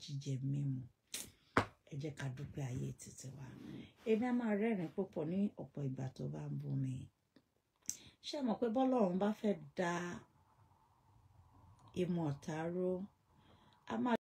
jíjẹ mímu ẹ jẹ́ ká dúpẹ́ ayé títí wa èmi á máa rẹ́rìn púpọ̀ ní ọ̀pọ̀ ìgbà tó bá ń bú mi ṣé mọ̀ pé bọ́lọ́run bá fẹ́ da ìmọ̀ ọ̀tá ró